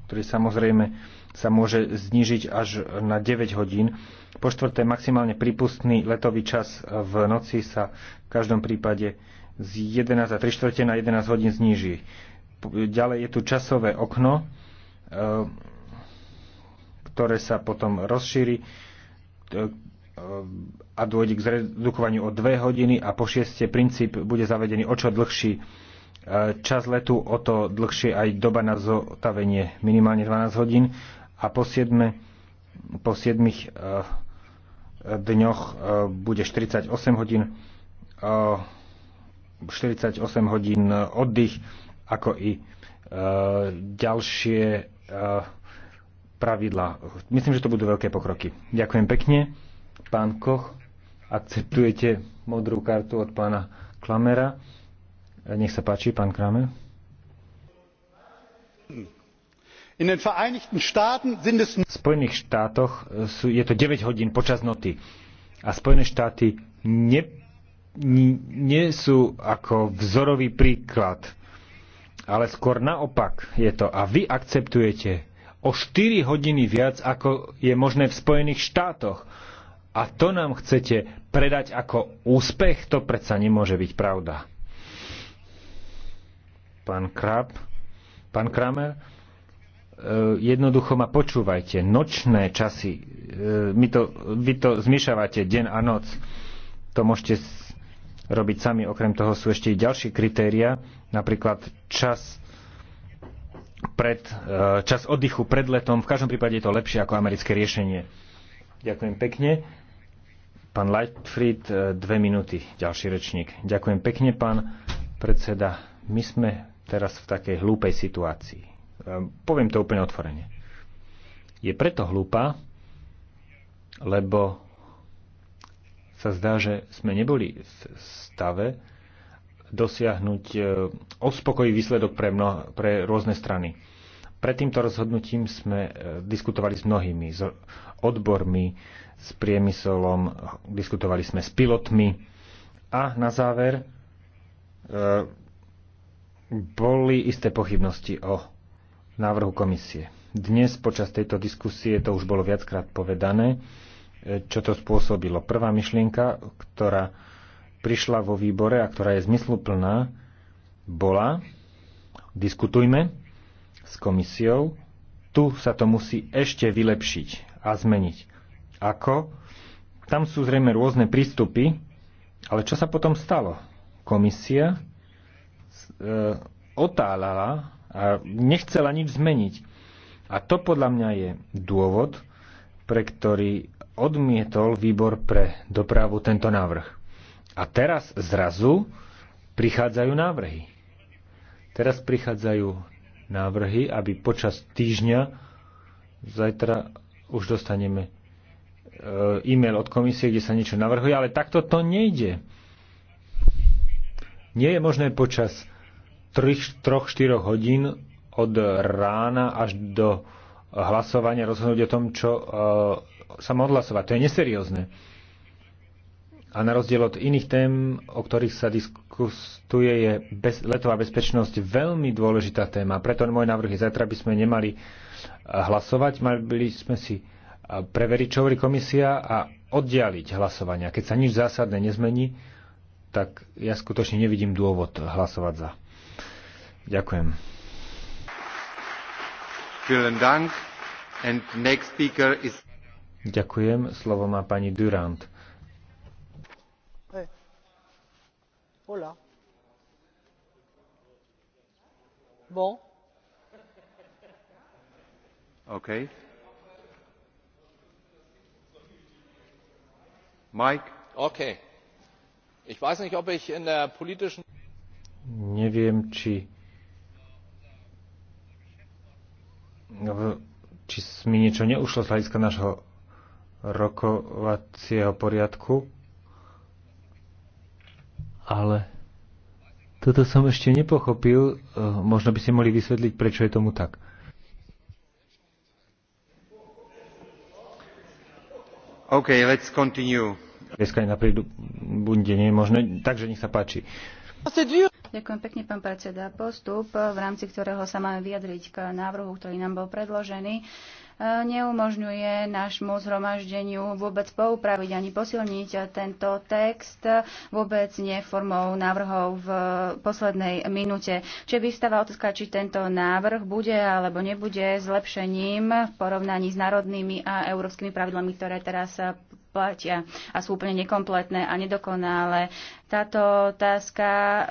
ktorý samozrejme sa môže znížiť až na 9 hodín. Po štvrté, maximálne prípustný letový čas v noci sa v každom prípade z 11 a 3 čtvrte na 11 hodín zníži. Ďalej je tu časové okno, e, ktoré sa potom rozšíri e, e, a dôjde k zredukovaniu o 2 hodiny a po šieste princíp bude zavedený o čo dlhší čas letu, o to dlhšie aj doba na zotavenie, minimálne 12 hodín. A po 7, po 7 eh, dňoch eh, bude 48 hodín, 48 eh, hodín oddych, ako i ďalšie pravidlá. Myslím, že to budú veľké pokroky. Ďakujem pekne. Pán Koch, akceptujete modrú kartu od pána Klamera? Nech sa páči, pán Kramer. V Spojených štátoch e, sú, je to 9 hodín počas noty a Spojené štáty ne, nie, nie sú ako vzorový príklad, ale skôr naopak je to. A vy akceptujete o 4 hodiny viac, ako je možné v Spojených štátoch. A to nám chcete predať ako úspech, to predsa nemôže byť pravda pán Krab, pán Kramer, e, jednoducho ma počúvajte, nočné časy, e, my to, vy to zmišavate deň a noc, to môžete robiť sami, okrem toho sú ešte i ďalšie kritéria, napríklad čas pred, e, čas oddychu pred letom, v každom prípade je to lepšie ako americké riešenie. Ďakujem pekne. Pán Lightfried, dve minúty, ďalší rečník. Ďakujem pekne, pán predseda. My sme teraz v takej hlúpej situácii. Ehm, poviem to úplne otvorene. Je preto hlúpa, lebo sa zdá, že sme neboli v stave dosiahnuť ospokojivý e, výsledok pre, mnoho, pre rôzne strany. Pred týmto rozhodnutím sme e, diskutovali s mnohými, s odbormi, s priemyselom, diskutovali sme s pilotmi a na záver e, boli isté pochybnosti o návrhu komisie. Dnes počas tejto diskusie to už bolo viackrát povedané, e, čo to spôsobilo. Prvá myšlienka, ktorá prišla vo výbore a ktorá je zmysluplná, bola diskutujme s komisiou, tu sa to musí ešte vylepšiť a zmeniť. Ako? Tam sú zrejme rôzne prístupy, ale čo sa potom stalo? Komisia E, otáľala a nechcela nič zmeniť. A to podľa mňa je dôvod, pre ktorý odmietol výbor pre dopravu tento návrh. A teraz zrazu prichádzajú návrhy. Teraz prichádzajú návrhy, aby počas týždňa zajtra už dostaneme e, e-mail od komisie, kde sa niečo navrhuje, ale takto to nejde. Nie je možné počas 3-4 hodín od rána až do hlasovania rozhodnúť o tom, čo uh, sa má odhlasovať. To je neseriózne. A na rozdiel od iných tém, o ktorých sa diskutuje, je bez, letová bezpečnosť veľmi dôležitá téma. Preto môj návrh je, zajtra by sme nemali e, hlasovať, mali by sme si e, preveriť, čo hovorí komisia a oddialiť hlasovania. Keď sa nič zásadné nezmení, tak ja skutočne nevidím dôvod hlasovať za. Ďakujem. Ďakujem. Slovo má pani Durant. Hola. Bon. OK. Mike. OK. Ich weiß nicht, ob ich in der politischen Neviem, či No, či mi niečo neušlo z hľadiska nášho rokovacieho poriadku, ale toto som ešte nepochopil. Eh, možno by ste mohli vysvetliť, prečo je tomu tak. OK, let's continue. Dneska je na bunde, možné. Takže nech sa páči. Ďakujem pekne, pán predseda. Postup, v rámci ktorého sa máme vyjadriť k návrhu, ktorý nám bol predložený, e, neumožňuje nášmu zhromaždeniu vôbec poupraviť ani posilniť tento text vôbec nie formou návrhov v poslednej minúte. Čiže vystáva otázka, či tento návrh bude alebo nebude zlepšením v porovnaní s národnými a európskymi pravidlami, ktoré teraz platia a sú úplne nekompletné a nedokonalé. Táto otázka e,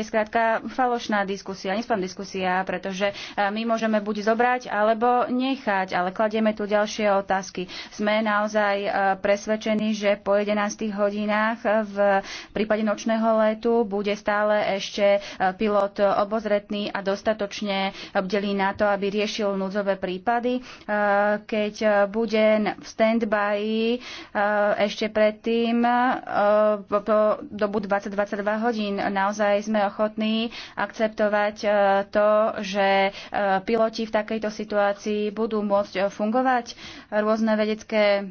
je skrátka falošná diskusia, nespam diskusia, pretože e, my môžeme buď zobrať alebo nechať, ale kladieme tu ďalšie otázky. Sme naozaj e, presvedčení, že po 11 hodinách v prípade nočného letu bude stále ešte pilot obozretný a dostatočne obdelí na to, aby riešil núdzové prípady. Keď bude v stand-by ešte predtým do dobu 20-22 hodín. Naozaj sme ochotní akceptovať e, to, že e, piloti v takejto situácii budú môcť e, fungovať. Rôzne vedecké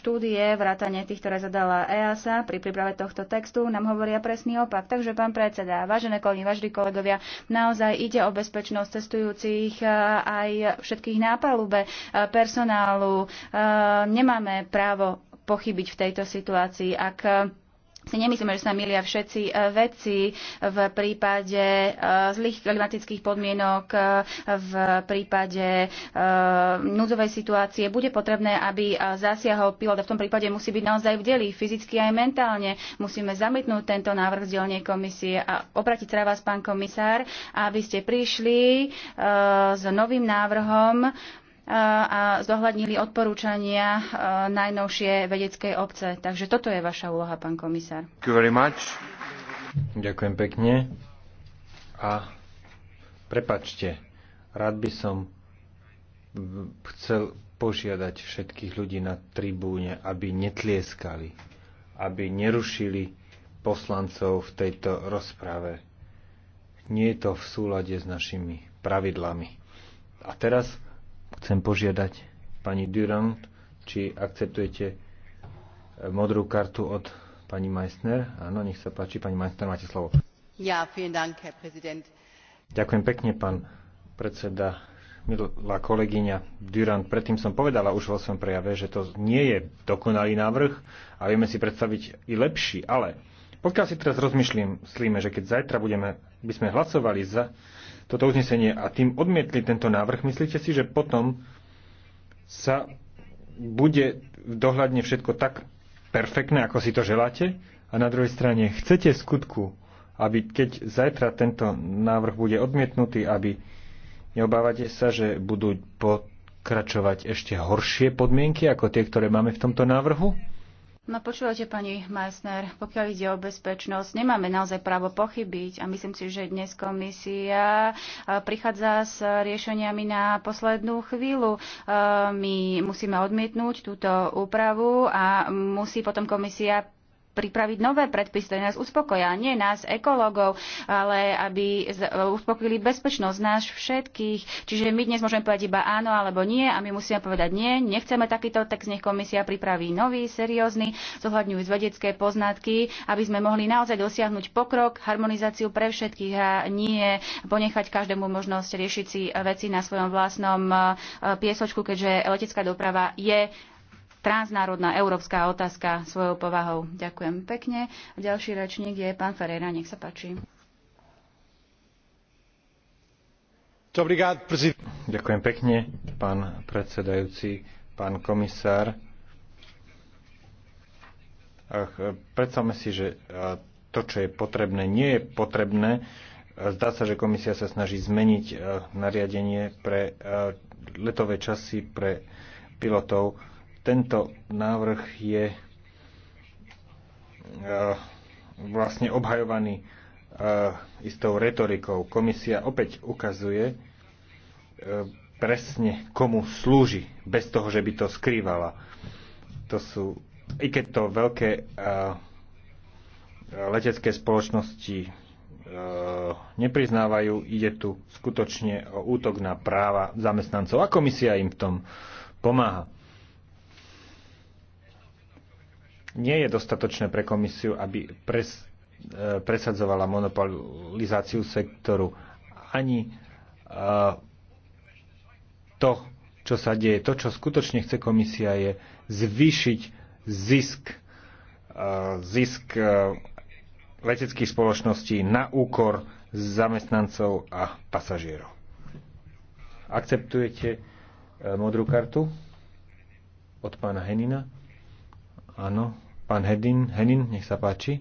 štúdie, vrátanie tých, ktoré zadala EASA pri príprave tohto textu, nám hovoria presný opak. Takže, pán predseda, vážené kolegy, vážení kolegovia, naozaj ide o bezpečnosť cestujúcich aj všetkých na palube, personálu. Nemáme právo pochybiť v tejto situácii. Ak si nemyslíme, že sa milia všetci e, veci v prípade e, zlých klimatických podmienok, e, v prípade núdzovej situácie. Bude potrebné, aby zasiahol pilot. a V tom prípade musí byť naozaj v deli, fyzicky aj mentálne. Musíme zamietnúť tento návrh z dielnej komisie a obratiť sa vás, pán komisár, aby ste prišli s novým návrhom, a zohľadnili odporúčania najnovšie vedeckej obce. Takže toto je vaša úloha, pán komisár. Ďakujem pekne. A prepačte, rád by som chcel požiadať všetkých ľudí na tribúne, aby netlieskali, aby nerušili poslancov v tejto rozprave. Nie je to v súlade s našimi pravidlami. A teraz Chcem požiadať pani Durand, či akceptujete eh, modrú kartu od pani Meissner. Áno, nech sa páči, pani Meissner, máte slovo. Ja, vielen Dank, Herr Präsident. Ďakujem pekne, pán predseda. Milá kolegyňa Durand, predtým som povedala už vo svojom prejave, že to nie je dokonalý návrh a vieme si predstaviť i lepší, ale pokiaľ si teraz rozmýšľam, slíme, že keď zajtra budeme, by sme hlasovali za toto uznesenie a tým odmietli tento návrh, myslíte si, že potom sa bude dohľadne všetko tak perfektné, ako si to želáte? A na druhej strane, chcete skutku, aby keď zajtra tento návrh bude odmietnutý, aby neobávate sa, že budú pokračovať ešte horšie podmienky ako tie, ktoré máme v tomto návrhu? No počúvate, pani Meissner, pokiaľ ide o bezpečnosť, nemáme naozaj právo pochybiť a myslím si, že dnes komisia e, prichádza s riešeniami na poslednú chvíľu. E, my musíme odmietnúť túto úpravu a musí potom komisia pripraviť nové predpisy, ktoré nás uspokoja, nie nás ekológov, ale aby uspokojili bezpečnosť nás všetkých. Čiže my dnes môžeme povedať iba áno alebo nie a my musíme povedať nie, nechceme takýto text, nech komisia pripraví nový, seriózny, zohľadňujúc vedecké poznatky, aby sme mohli naozaj dosiahnuť pokrok, harmonizáciu pre všetkých a nie ponechať každému možnosť riešiť si veci na svojom vlastnom eh, piesočku, keďže letecká doprava je transnárodná európska otázka svojou povahou. Ďakujem pekne. A ďalší rečník je pán Ferreira, nech sa páči. Ďakujem pekne, pán predsedajúci, pán komisár. Ach, predstavme si, že to, čo je potrebné, nie je potrebné. Zdá sa, že komisia sa snaží zmeniť nariadenie pre letové časy pre pilotov tento návrh je e, vlastne obhajovaný e, istou retorikou. Komisia opäť ukazuje e, presne, komu slúži, bez toho, že by to skrývala. To sú, i keď to veľké letecké spoločnosti nepriznávajú, ide tu skutočne o útok na práva zamestnancov a komisia im v tom pomáha. Nie je dostatočné pre komisiu, aby pres, e, presadzovala monopolizáciu sektoru ani e, to, čo sa deje. To, čo skutočne chce komisia, je zvýšiť zisk, e, zisk leteckých spoločností na úkor zamestnancov a pasažierov. Akceptujete modrú kartu od pána Henina? Áno, pán Hedin, Henin, nech sa páči.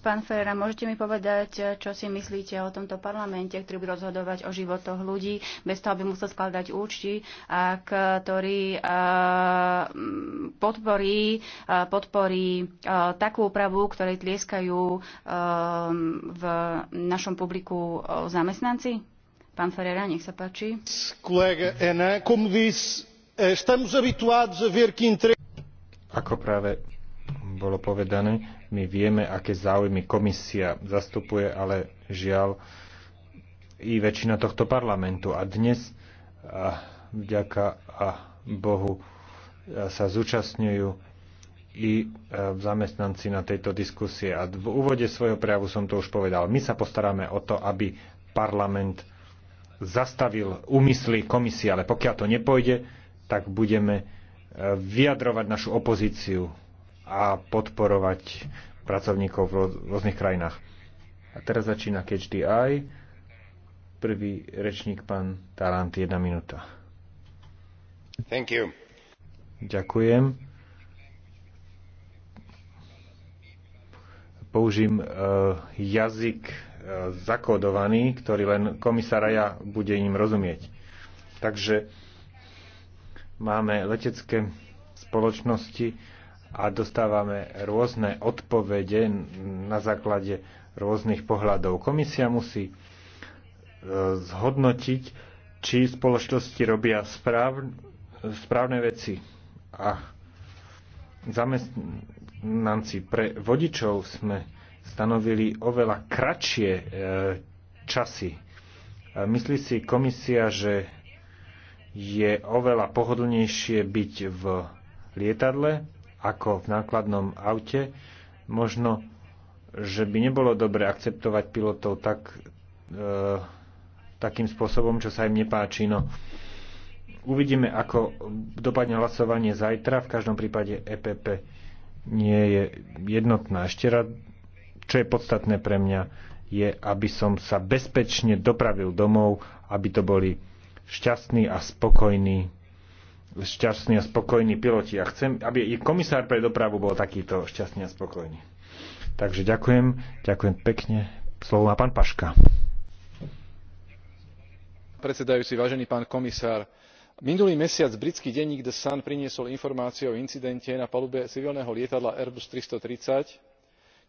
Pán Ferrera, môžete mi povedať, čo si myslíte o tomto parlamente, ktorý bude rozhodovať o životoch ľudí, bez toho, aby musel skladať účty, a ktorý eh, podporí, eh, podporí eh, takú úpravu, ktorej tlieskajú v našom publiku zamestnanci? Pán Ferrera, nech sa páči. Kolega Ena, kom disse Estamos habituados a ver que entre... Ako práve bolo povedané, my vieme, aké záujmy komisia zastupuje, ale žiaľ i väčšina tohto parlamentu. A dnes, a vďaka a Bohu, sa zúčastňujú i e, zamestnanci na tejto diskusie. A v úvode svojho prejavu som to už povedal. My sa postaráme o to, aby parlament zastavil úmysly komisie, ale pokiaľ to nepôjde, tak budeme e, vyjadrovať našu opozíciu a podporovať pracovníkov v rôznych krajinách. A teraz začína HDI. Prvý rečník, pán Tarant, jedna minúta. Thank you. Ďakujem. Použím uh, jazyk uh, zakódovaný, ktorý len komisára ja bude im rozumieť. Takže uh, máme letecké spoločnosti a dostávame rôzne odpovede na základe rôznych pohľadov. Komisia musí e, zhodnotiť, či spoločnosti robia správ, správne veci a zamestnanci pre vodičov sme stanovili oveľa kratšie e, časy. Myslí si komisia, že je oveľa pohodlnejšie byť v lietadle ako v nákladnom aute. Možno, že by nebolo dobre akceptovať pilotov tak, e, takým spôsobom, čo sa im nepáči. No, uvidíme, ako dopadne hlasovanie zajtra. V každom prípade EPP nie je jednotná. Ešte raz, čo je podstatné pre mňa, je, aby som sa bezpečne dopravil domov, aby to boli šťastní a spokojní šťastní a spokojní piloti. A chcem, aby i komisár pre dopravu bol takýto šťastný a spokojný. Takže ďakujem, ďakujem pekne. Slovo má pán Paška. Predsedajúci, vážený pán komisár, minulý mesiac britský denník The Sun priniesol informácie o incidente na palube civilného lietadla Airbus 330,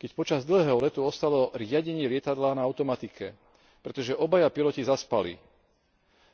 keď počas dlhého letu ostalo riadenie lietadla na automatike, pretože obaja piloti zaspali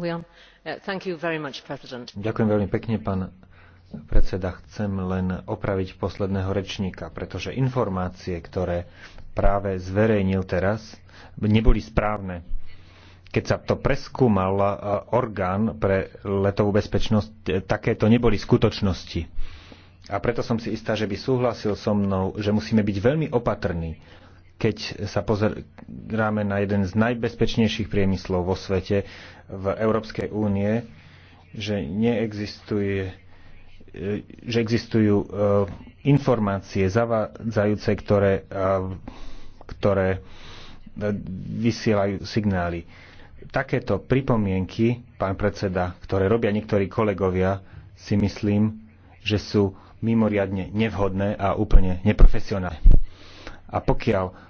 Uh, Ďakujem veľmi pekne, pán predseda. Chcem len opraviť posledného rečníka, pretože informácie, ktoré práve zverejnil teraz, neboli správne. Keď sa to preskúmal uh, orgán pre letovú bezpečnosť, uh, takéto neboli skutočnosti. A preto som si istá, že by súhlasil so mnou, že musíme byť veľmi opatrní keď sa pozeráme na jeden z najbezpečnejších priemyslov vo svete, v Európskej únie, že neexistuje e, že existujú e, informácie zavádzajúce, ktoré, e, ktoré vysielajú signály. Takéto pripomienky, pán predseda, ktoré robia niektorí kolegovia, si myslím, že sú mimoriadne nevhodné a úplne neprofesionálne. A pokiaľ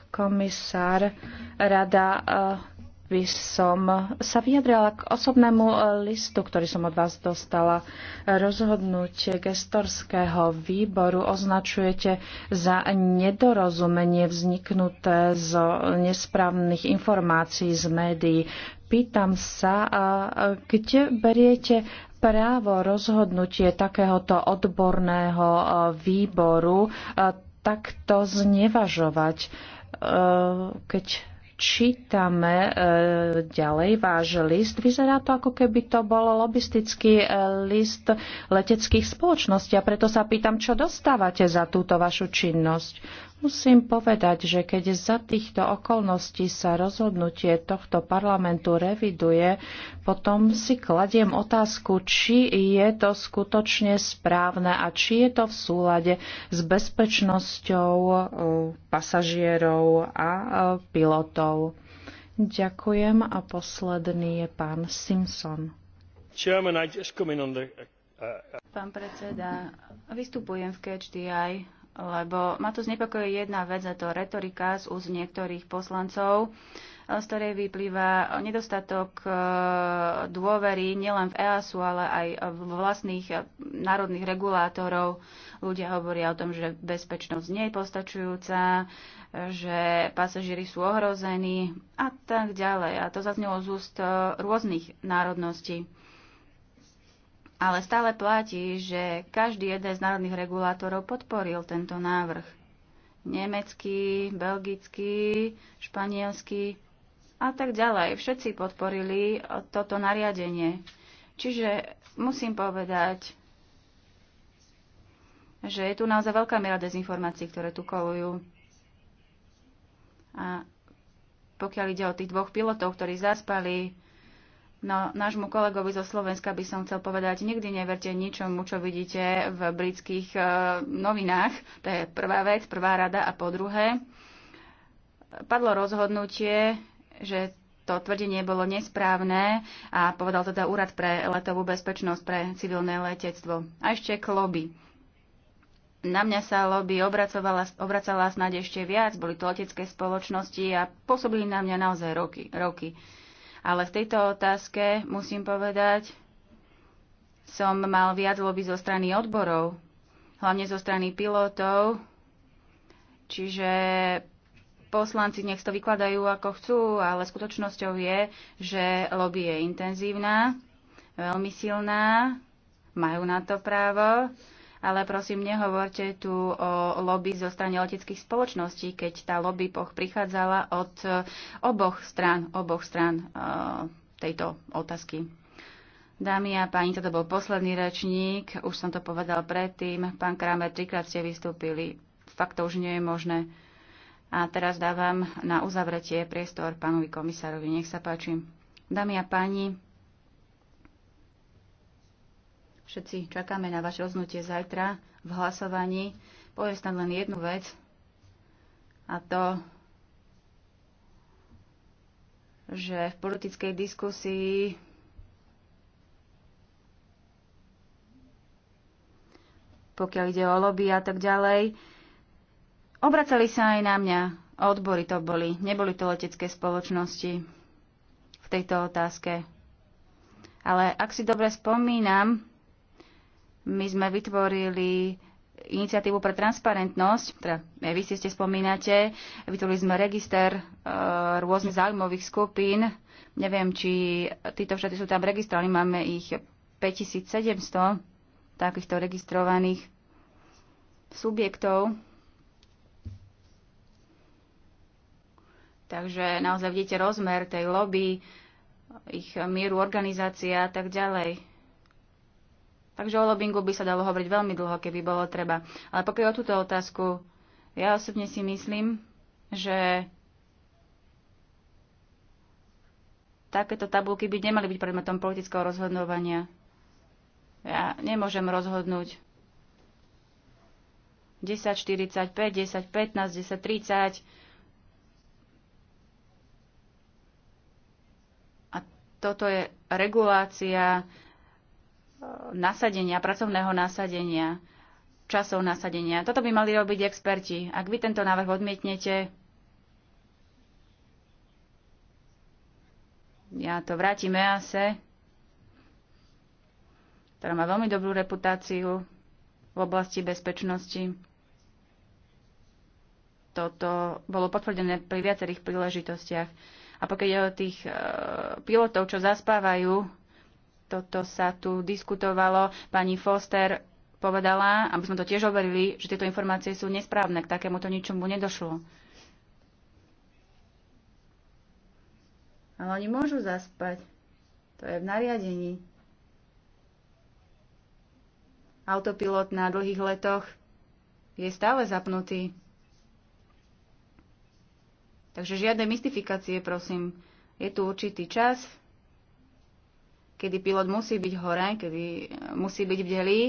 komisár, rada eh, by som sa vyjadrila k osobnému eh, listu, ktorý som od vás dostala. Rozhodnutie gestorského výboru označujete za nedorozumenie vzniknuté z nesprávnych informácií z médií. Pýtam sa, eh, kde beriete právo rozhodnutie takéhoto odborného výboru takto znevažovať Eh, keď čítame eh, ďalej váš list, vyzerá to ako keby to bol lobistický eh, list leteckých spoločností a preto sa pýtam, čo dostávate za túto vašu činnosť. Musím povedať, že keď za týchto okolností sa rozhodnutie tohto parlamentu reviduje, potom si kladiem otázku, či je to skutočne správne a či je to v súlade s bezpečnosťou e, pasažierov a e, pilotov. Ďakujem a posledný je pán Simpson. Uh, uh, pán predseda, vystupujem v KHDI lebo ma tu znepokojí jedna vec, a to retorika z úz niektorých poslancov, e, z ktorej vyplýva nedostatok e, dôvery nielen v EASu, ale aj v vlastných e, národných regulátorov. Ľudia hovoria o tom, že bezpečnosť nie je postačujúca, že pasažieri sú ohrození a tak ďalej. A to zaznelo z úst rôznych národností. Ale stále platí, že každý jeden z národných regulátorov podporil tento návrh. Nemecký, belgický, španielský a tak ďalej. Všetci podporili toto nariadenie. Čiže musím povedať, že je tu naozaj veľká miera dezinformácií, ktoré tu kolujú. A pokiaľ ide o tých dvoch pilotov, ktorí zaspali, No, nášmu kolegovi zo Slovenska by som chcel povedať, nikdy neverte ničomu, čo vidíte v britských e, novinách. To je prvá vec, prvá rada. A po druhé, padlo rozhodnutie, že to tvrdenie bolo nesprávne a povedal teda Úrad pre letovú bezpečnosť pre civilné letectvo. A ešte kloby. Na mňa sa lobby obracovala, obracala snáď ešte viac, boli to letecké spoločnosti a pôsobili na mňa naozaj roky. roky. Ale v tejto otázke musím povedať, som mal viac lobby zo strany odborov, hlavne zo strany pilotov, čiže poslanci nech to vykladajú ako chcú, ale skutočnosťou je, že lobby je intenzívna, veľmi silná, majú na to právo ale prosím, nehovorte tu o lobby zo strany leteckých spoločností, keď tá lobby poch prichádzala od eh, oboch strán, oboch strán eh, tejto otázky. Dámy a páni, toto bol posledný rečník, už som to povedal predtým. Pán Kramer, trikrát ste vystúpili. Fakt to už nie je možné. A teraz dávam na uzavretie priestor pánovi komisárovi. Nech sa páči. Dámy a páni, Všetci čakáme na vaše roznutie zajtra v hlasovaní. Poviem tam len jednu vec a to, že v politickej diskusii pokiaľ ide o lobby a tak ďalej, obracali sa aj na mňa. Odbory to boli, neboli to letecké spoločnosti v tejto otázke. Ale ak si dobre spomínam, my sme vytvorili iniciatívu pre transparentnosť, teda eh, aj vy si ste spomínate, vytvorili sme register e, rôznych záujmových skupín. Neviem, či títo všetci sú tam registrovaní, máme ich 5700 takýchto registrovaných subjektov. Takže naozaj vidíte rozmer tej lobby, ich mieru organizácia a tak ďalej. Takže o lobingu by sa dalo hovoriť veľmi dlho, keby bolo treba. Ale pokiaľ o túto otázku, ja osobne si myslím, že takéto tabulky by nemali byť predmetom politického rozhodnovania. Ja nemôžem rozhodnúť 10.45, 10.15, 10.30. A toto je regulácia nasadenia, pracovného nasadenia, časov nasadenia. Toto by mali robiť experti. Ak vy tento návrh odmietnete, ja to vrátim EASE, e, ktorá má veľmi dobrú reputáciu v oblasti bezpečnosti. Toto bolo potvrdené pri viacerých príležitostiach. A pokiaľ je o tých e, pilotov, čo zaspávajú, toto sa tu diskutovalo. Pani Foster povedala, aby sme to tiež overili, že tieto informácie sú nesprávne. K takémuto ničomu nedošlo. Ale oni môžu zaspať. To je v nariadení. Autopilot na dlhých letoch je stále zapnutý. Takže žiadne mystifikácie, prosím. Je tu určitý čas, kedy pilot musí byť hore, kedy e, musí byť v delí,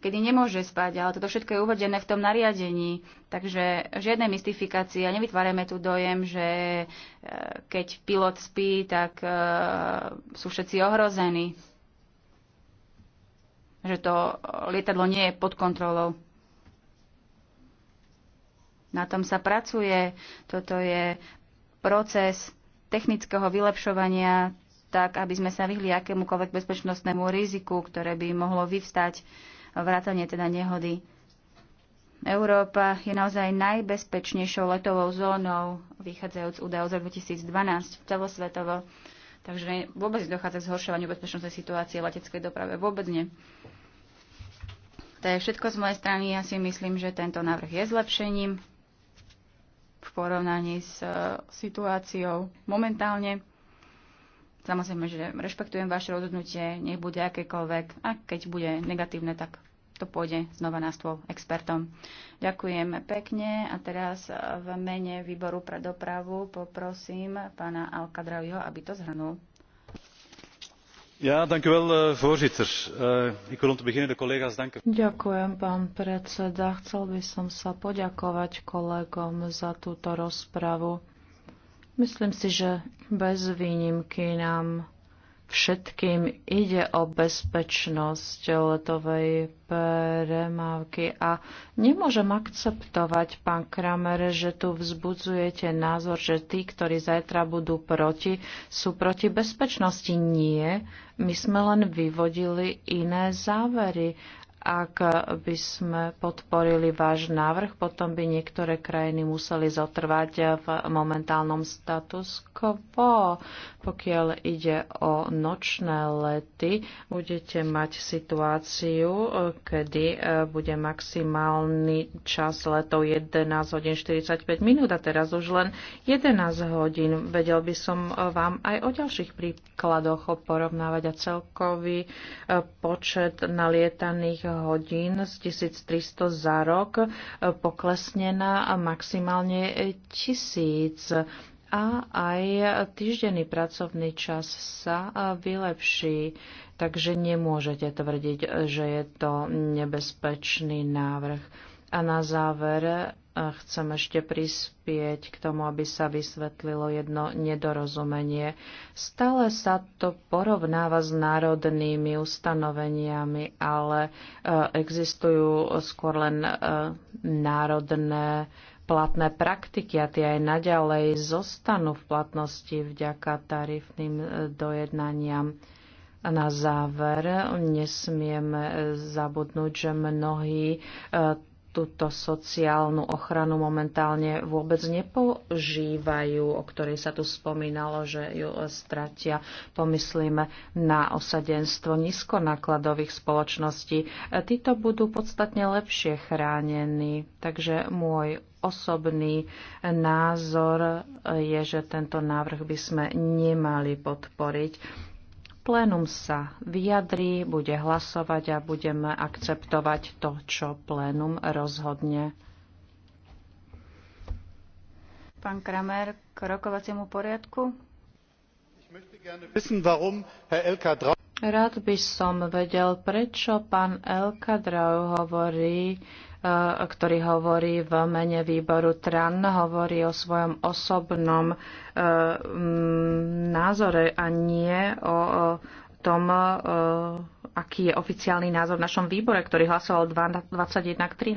kedy nemôže spať, ale toto všetko je uvedené v tom nariadení. Takže žiadne mystifikácie, nevytvárame tu dojem, že e, keď pilot spí, tak e, sú všetci ohrození. Že to lietadlo nie je pod kontrolou. Na tom sa pracuje. Toto je proces technického vylepšovania tak aby sme sa vyhli akémukoľvek bezpečnostnému riziku, ktoré by mohlo vyvstať vrátanie teda nehody. Európa je naozaj najbezpečnejšou letovou zónou, vychádzajúc údajov z roku 2012 celosvetovo. Takže vôbec dochádza k zhoršovaniu bezpečnostnej situácie leteckej doprave. Vôbec nie. To je všetko z mojej strany. Ja si myslím, že tento návrh je zlepšením v porovnaní s e, situáciou momentálne. Samozrejme, že rešpektujem vaše rozhodnutie, nech bude akékoľvek a keď bude negatívne, tak to pôjde znova na stôl expertom. Ďakujem pekne a teraz v mene výboru pre dopravu poprosím pána Alkadraviho, aby to zhrnul. Ja, dank u wel, eh, voorzitter. Uh, ik wil om te beginnen de collega's danken. Ďakujem, pán predseda. Chcel by som sa poďakovať kolegom za túto rozpravu. Myslím si, že bez výnimky nám všetkým ide o bezpečnosť letovej premávky a nemôžem akceptovať, pán Kramer, že tu vzbudzujete názor, že tí, ktorí zajtra budú proti, sú proti bezpečnosti. Nie, my sme len vyvodili iné závery ak by sme podporili váš návrh, potom by niektoré krajiny museli zotrvať v momentálnom status quo. Pokiaľ ide o nočné lety, budete mať situáciu, kedy e, bude maximálny čas letov 11 hodín 45 minút a teraz už len 11 hodín. Vedel by som e, vám aj o ďalších príkladoch porovnávať a celkový e, počet nalietaných hodín z 1300 za rok poklesne na maximálne 1000 a aj týždenný pracovný čas sa e, vylepší, takže nemôžete tvrdiť, že je to nebezpečný návrh. A na záver e, chcem ešte prispieť k tomu, aby sa vysvetlilo jedno nedorozumenie. Stále sa to porovnáva s národnými ustanoveniami, ale e, existujú skôr len národné platné praktiky a tie aj naďalej zostanú v platnosti vďaka tarifným e, dojednaniam. A na záver nesmieme zabudnúť, že mnohí e, túto sociálnu ochranu momentálne vôbec nepožívajú, o ktorej sa tu spomínalo, že ju stratia. Pomyslíme na osadenstvo nízkonákladových spoločností. Títo budú podstatne lepšie chránení. Takže môj osobný názor je, že tento návrh by sme nemali podporiť Plénum sa vyjadrí, bude hlasovať a budeme akceptovať to, čo plénum rozhodne. Pán Kramer, k rokovaciemu poriadku. Rád by som vedel, prečo pán Elka Drau hovorí, Eh, ktorý hovorí v mene výboru TRAN, hovorí o svojom osobnom eh, mm, názore a nie o tom, eh, aký je oficiálny názor v našom výbore, ktorý hlasoval 21 k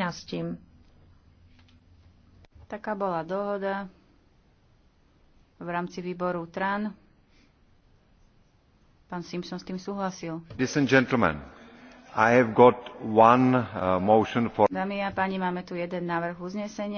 13. Taká bola dohoda v rámci výboru TRAN. Pán Simpson s tým súhlasil. Ladies and gentlemen, Uh, Dámy a páni, máme tu jeden návrh uznesenia.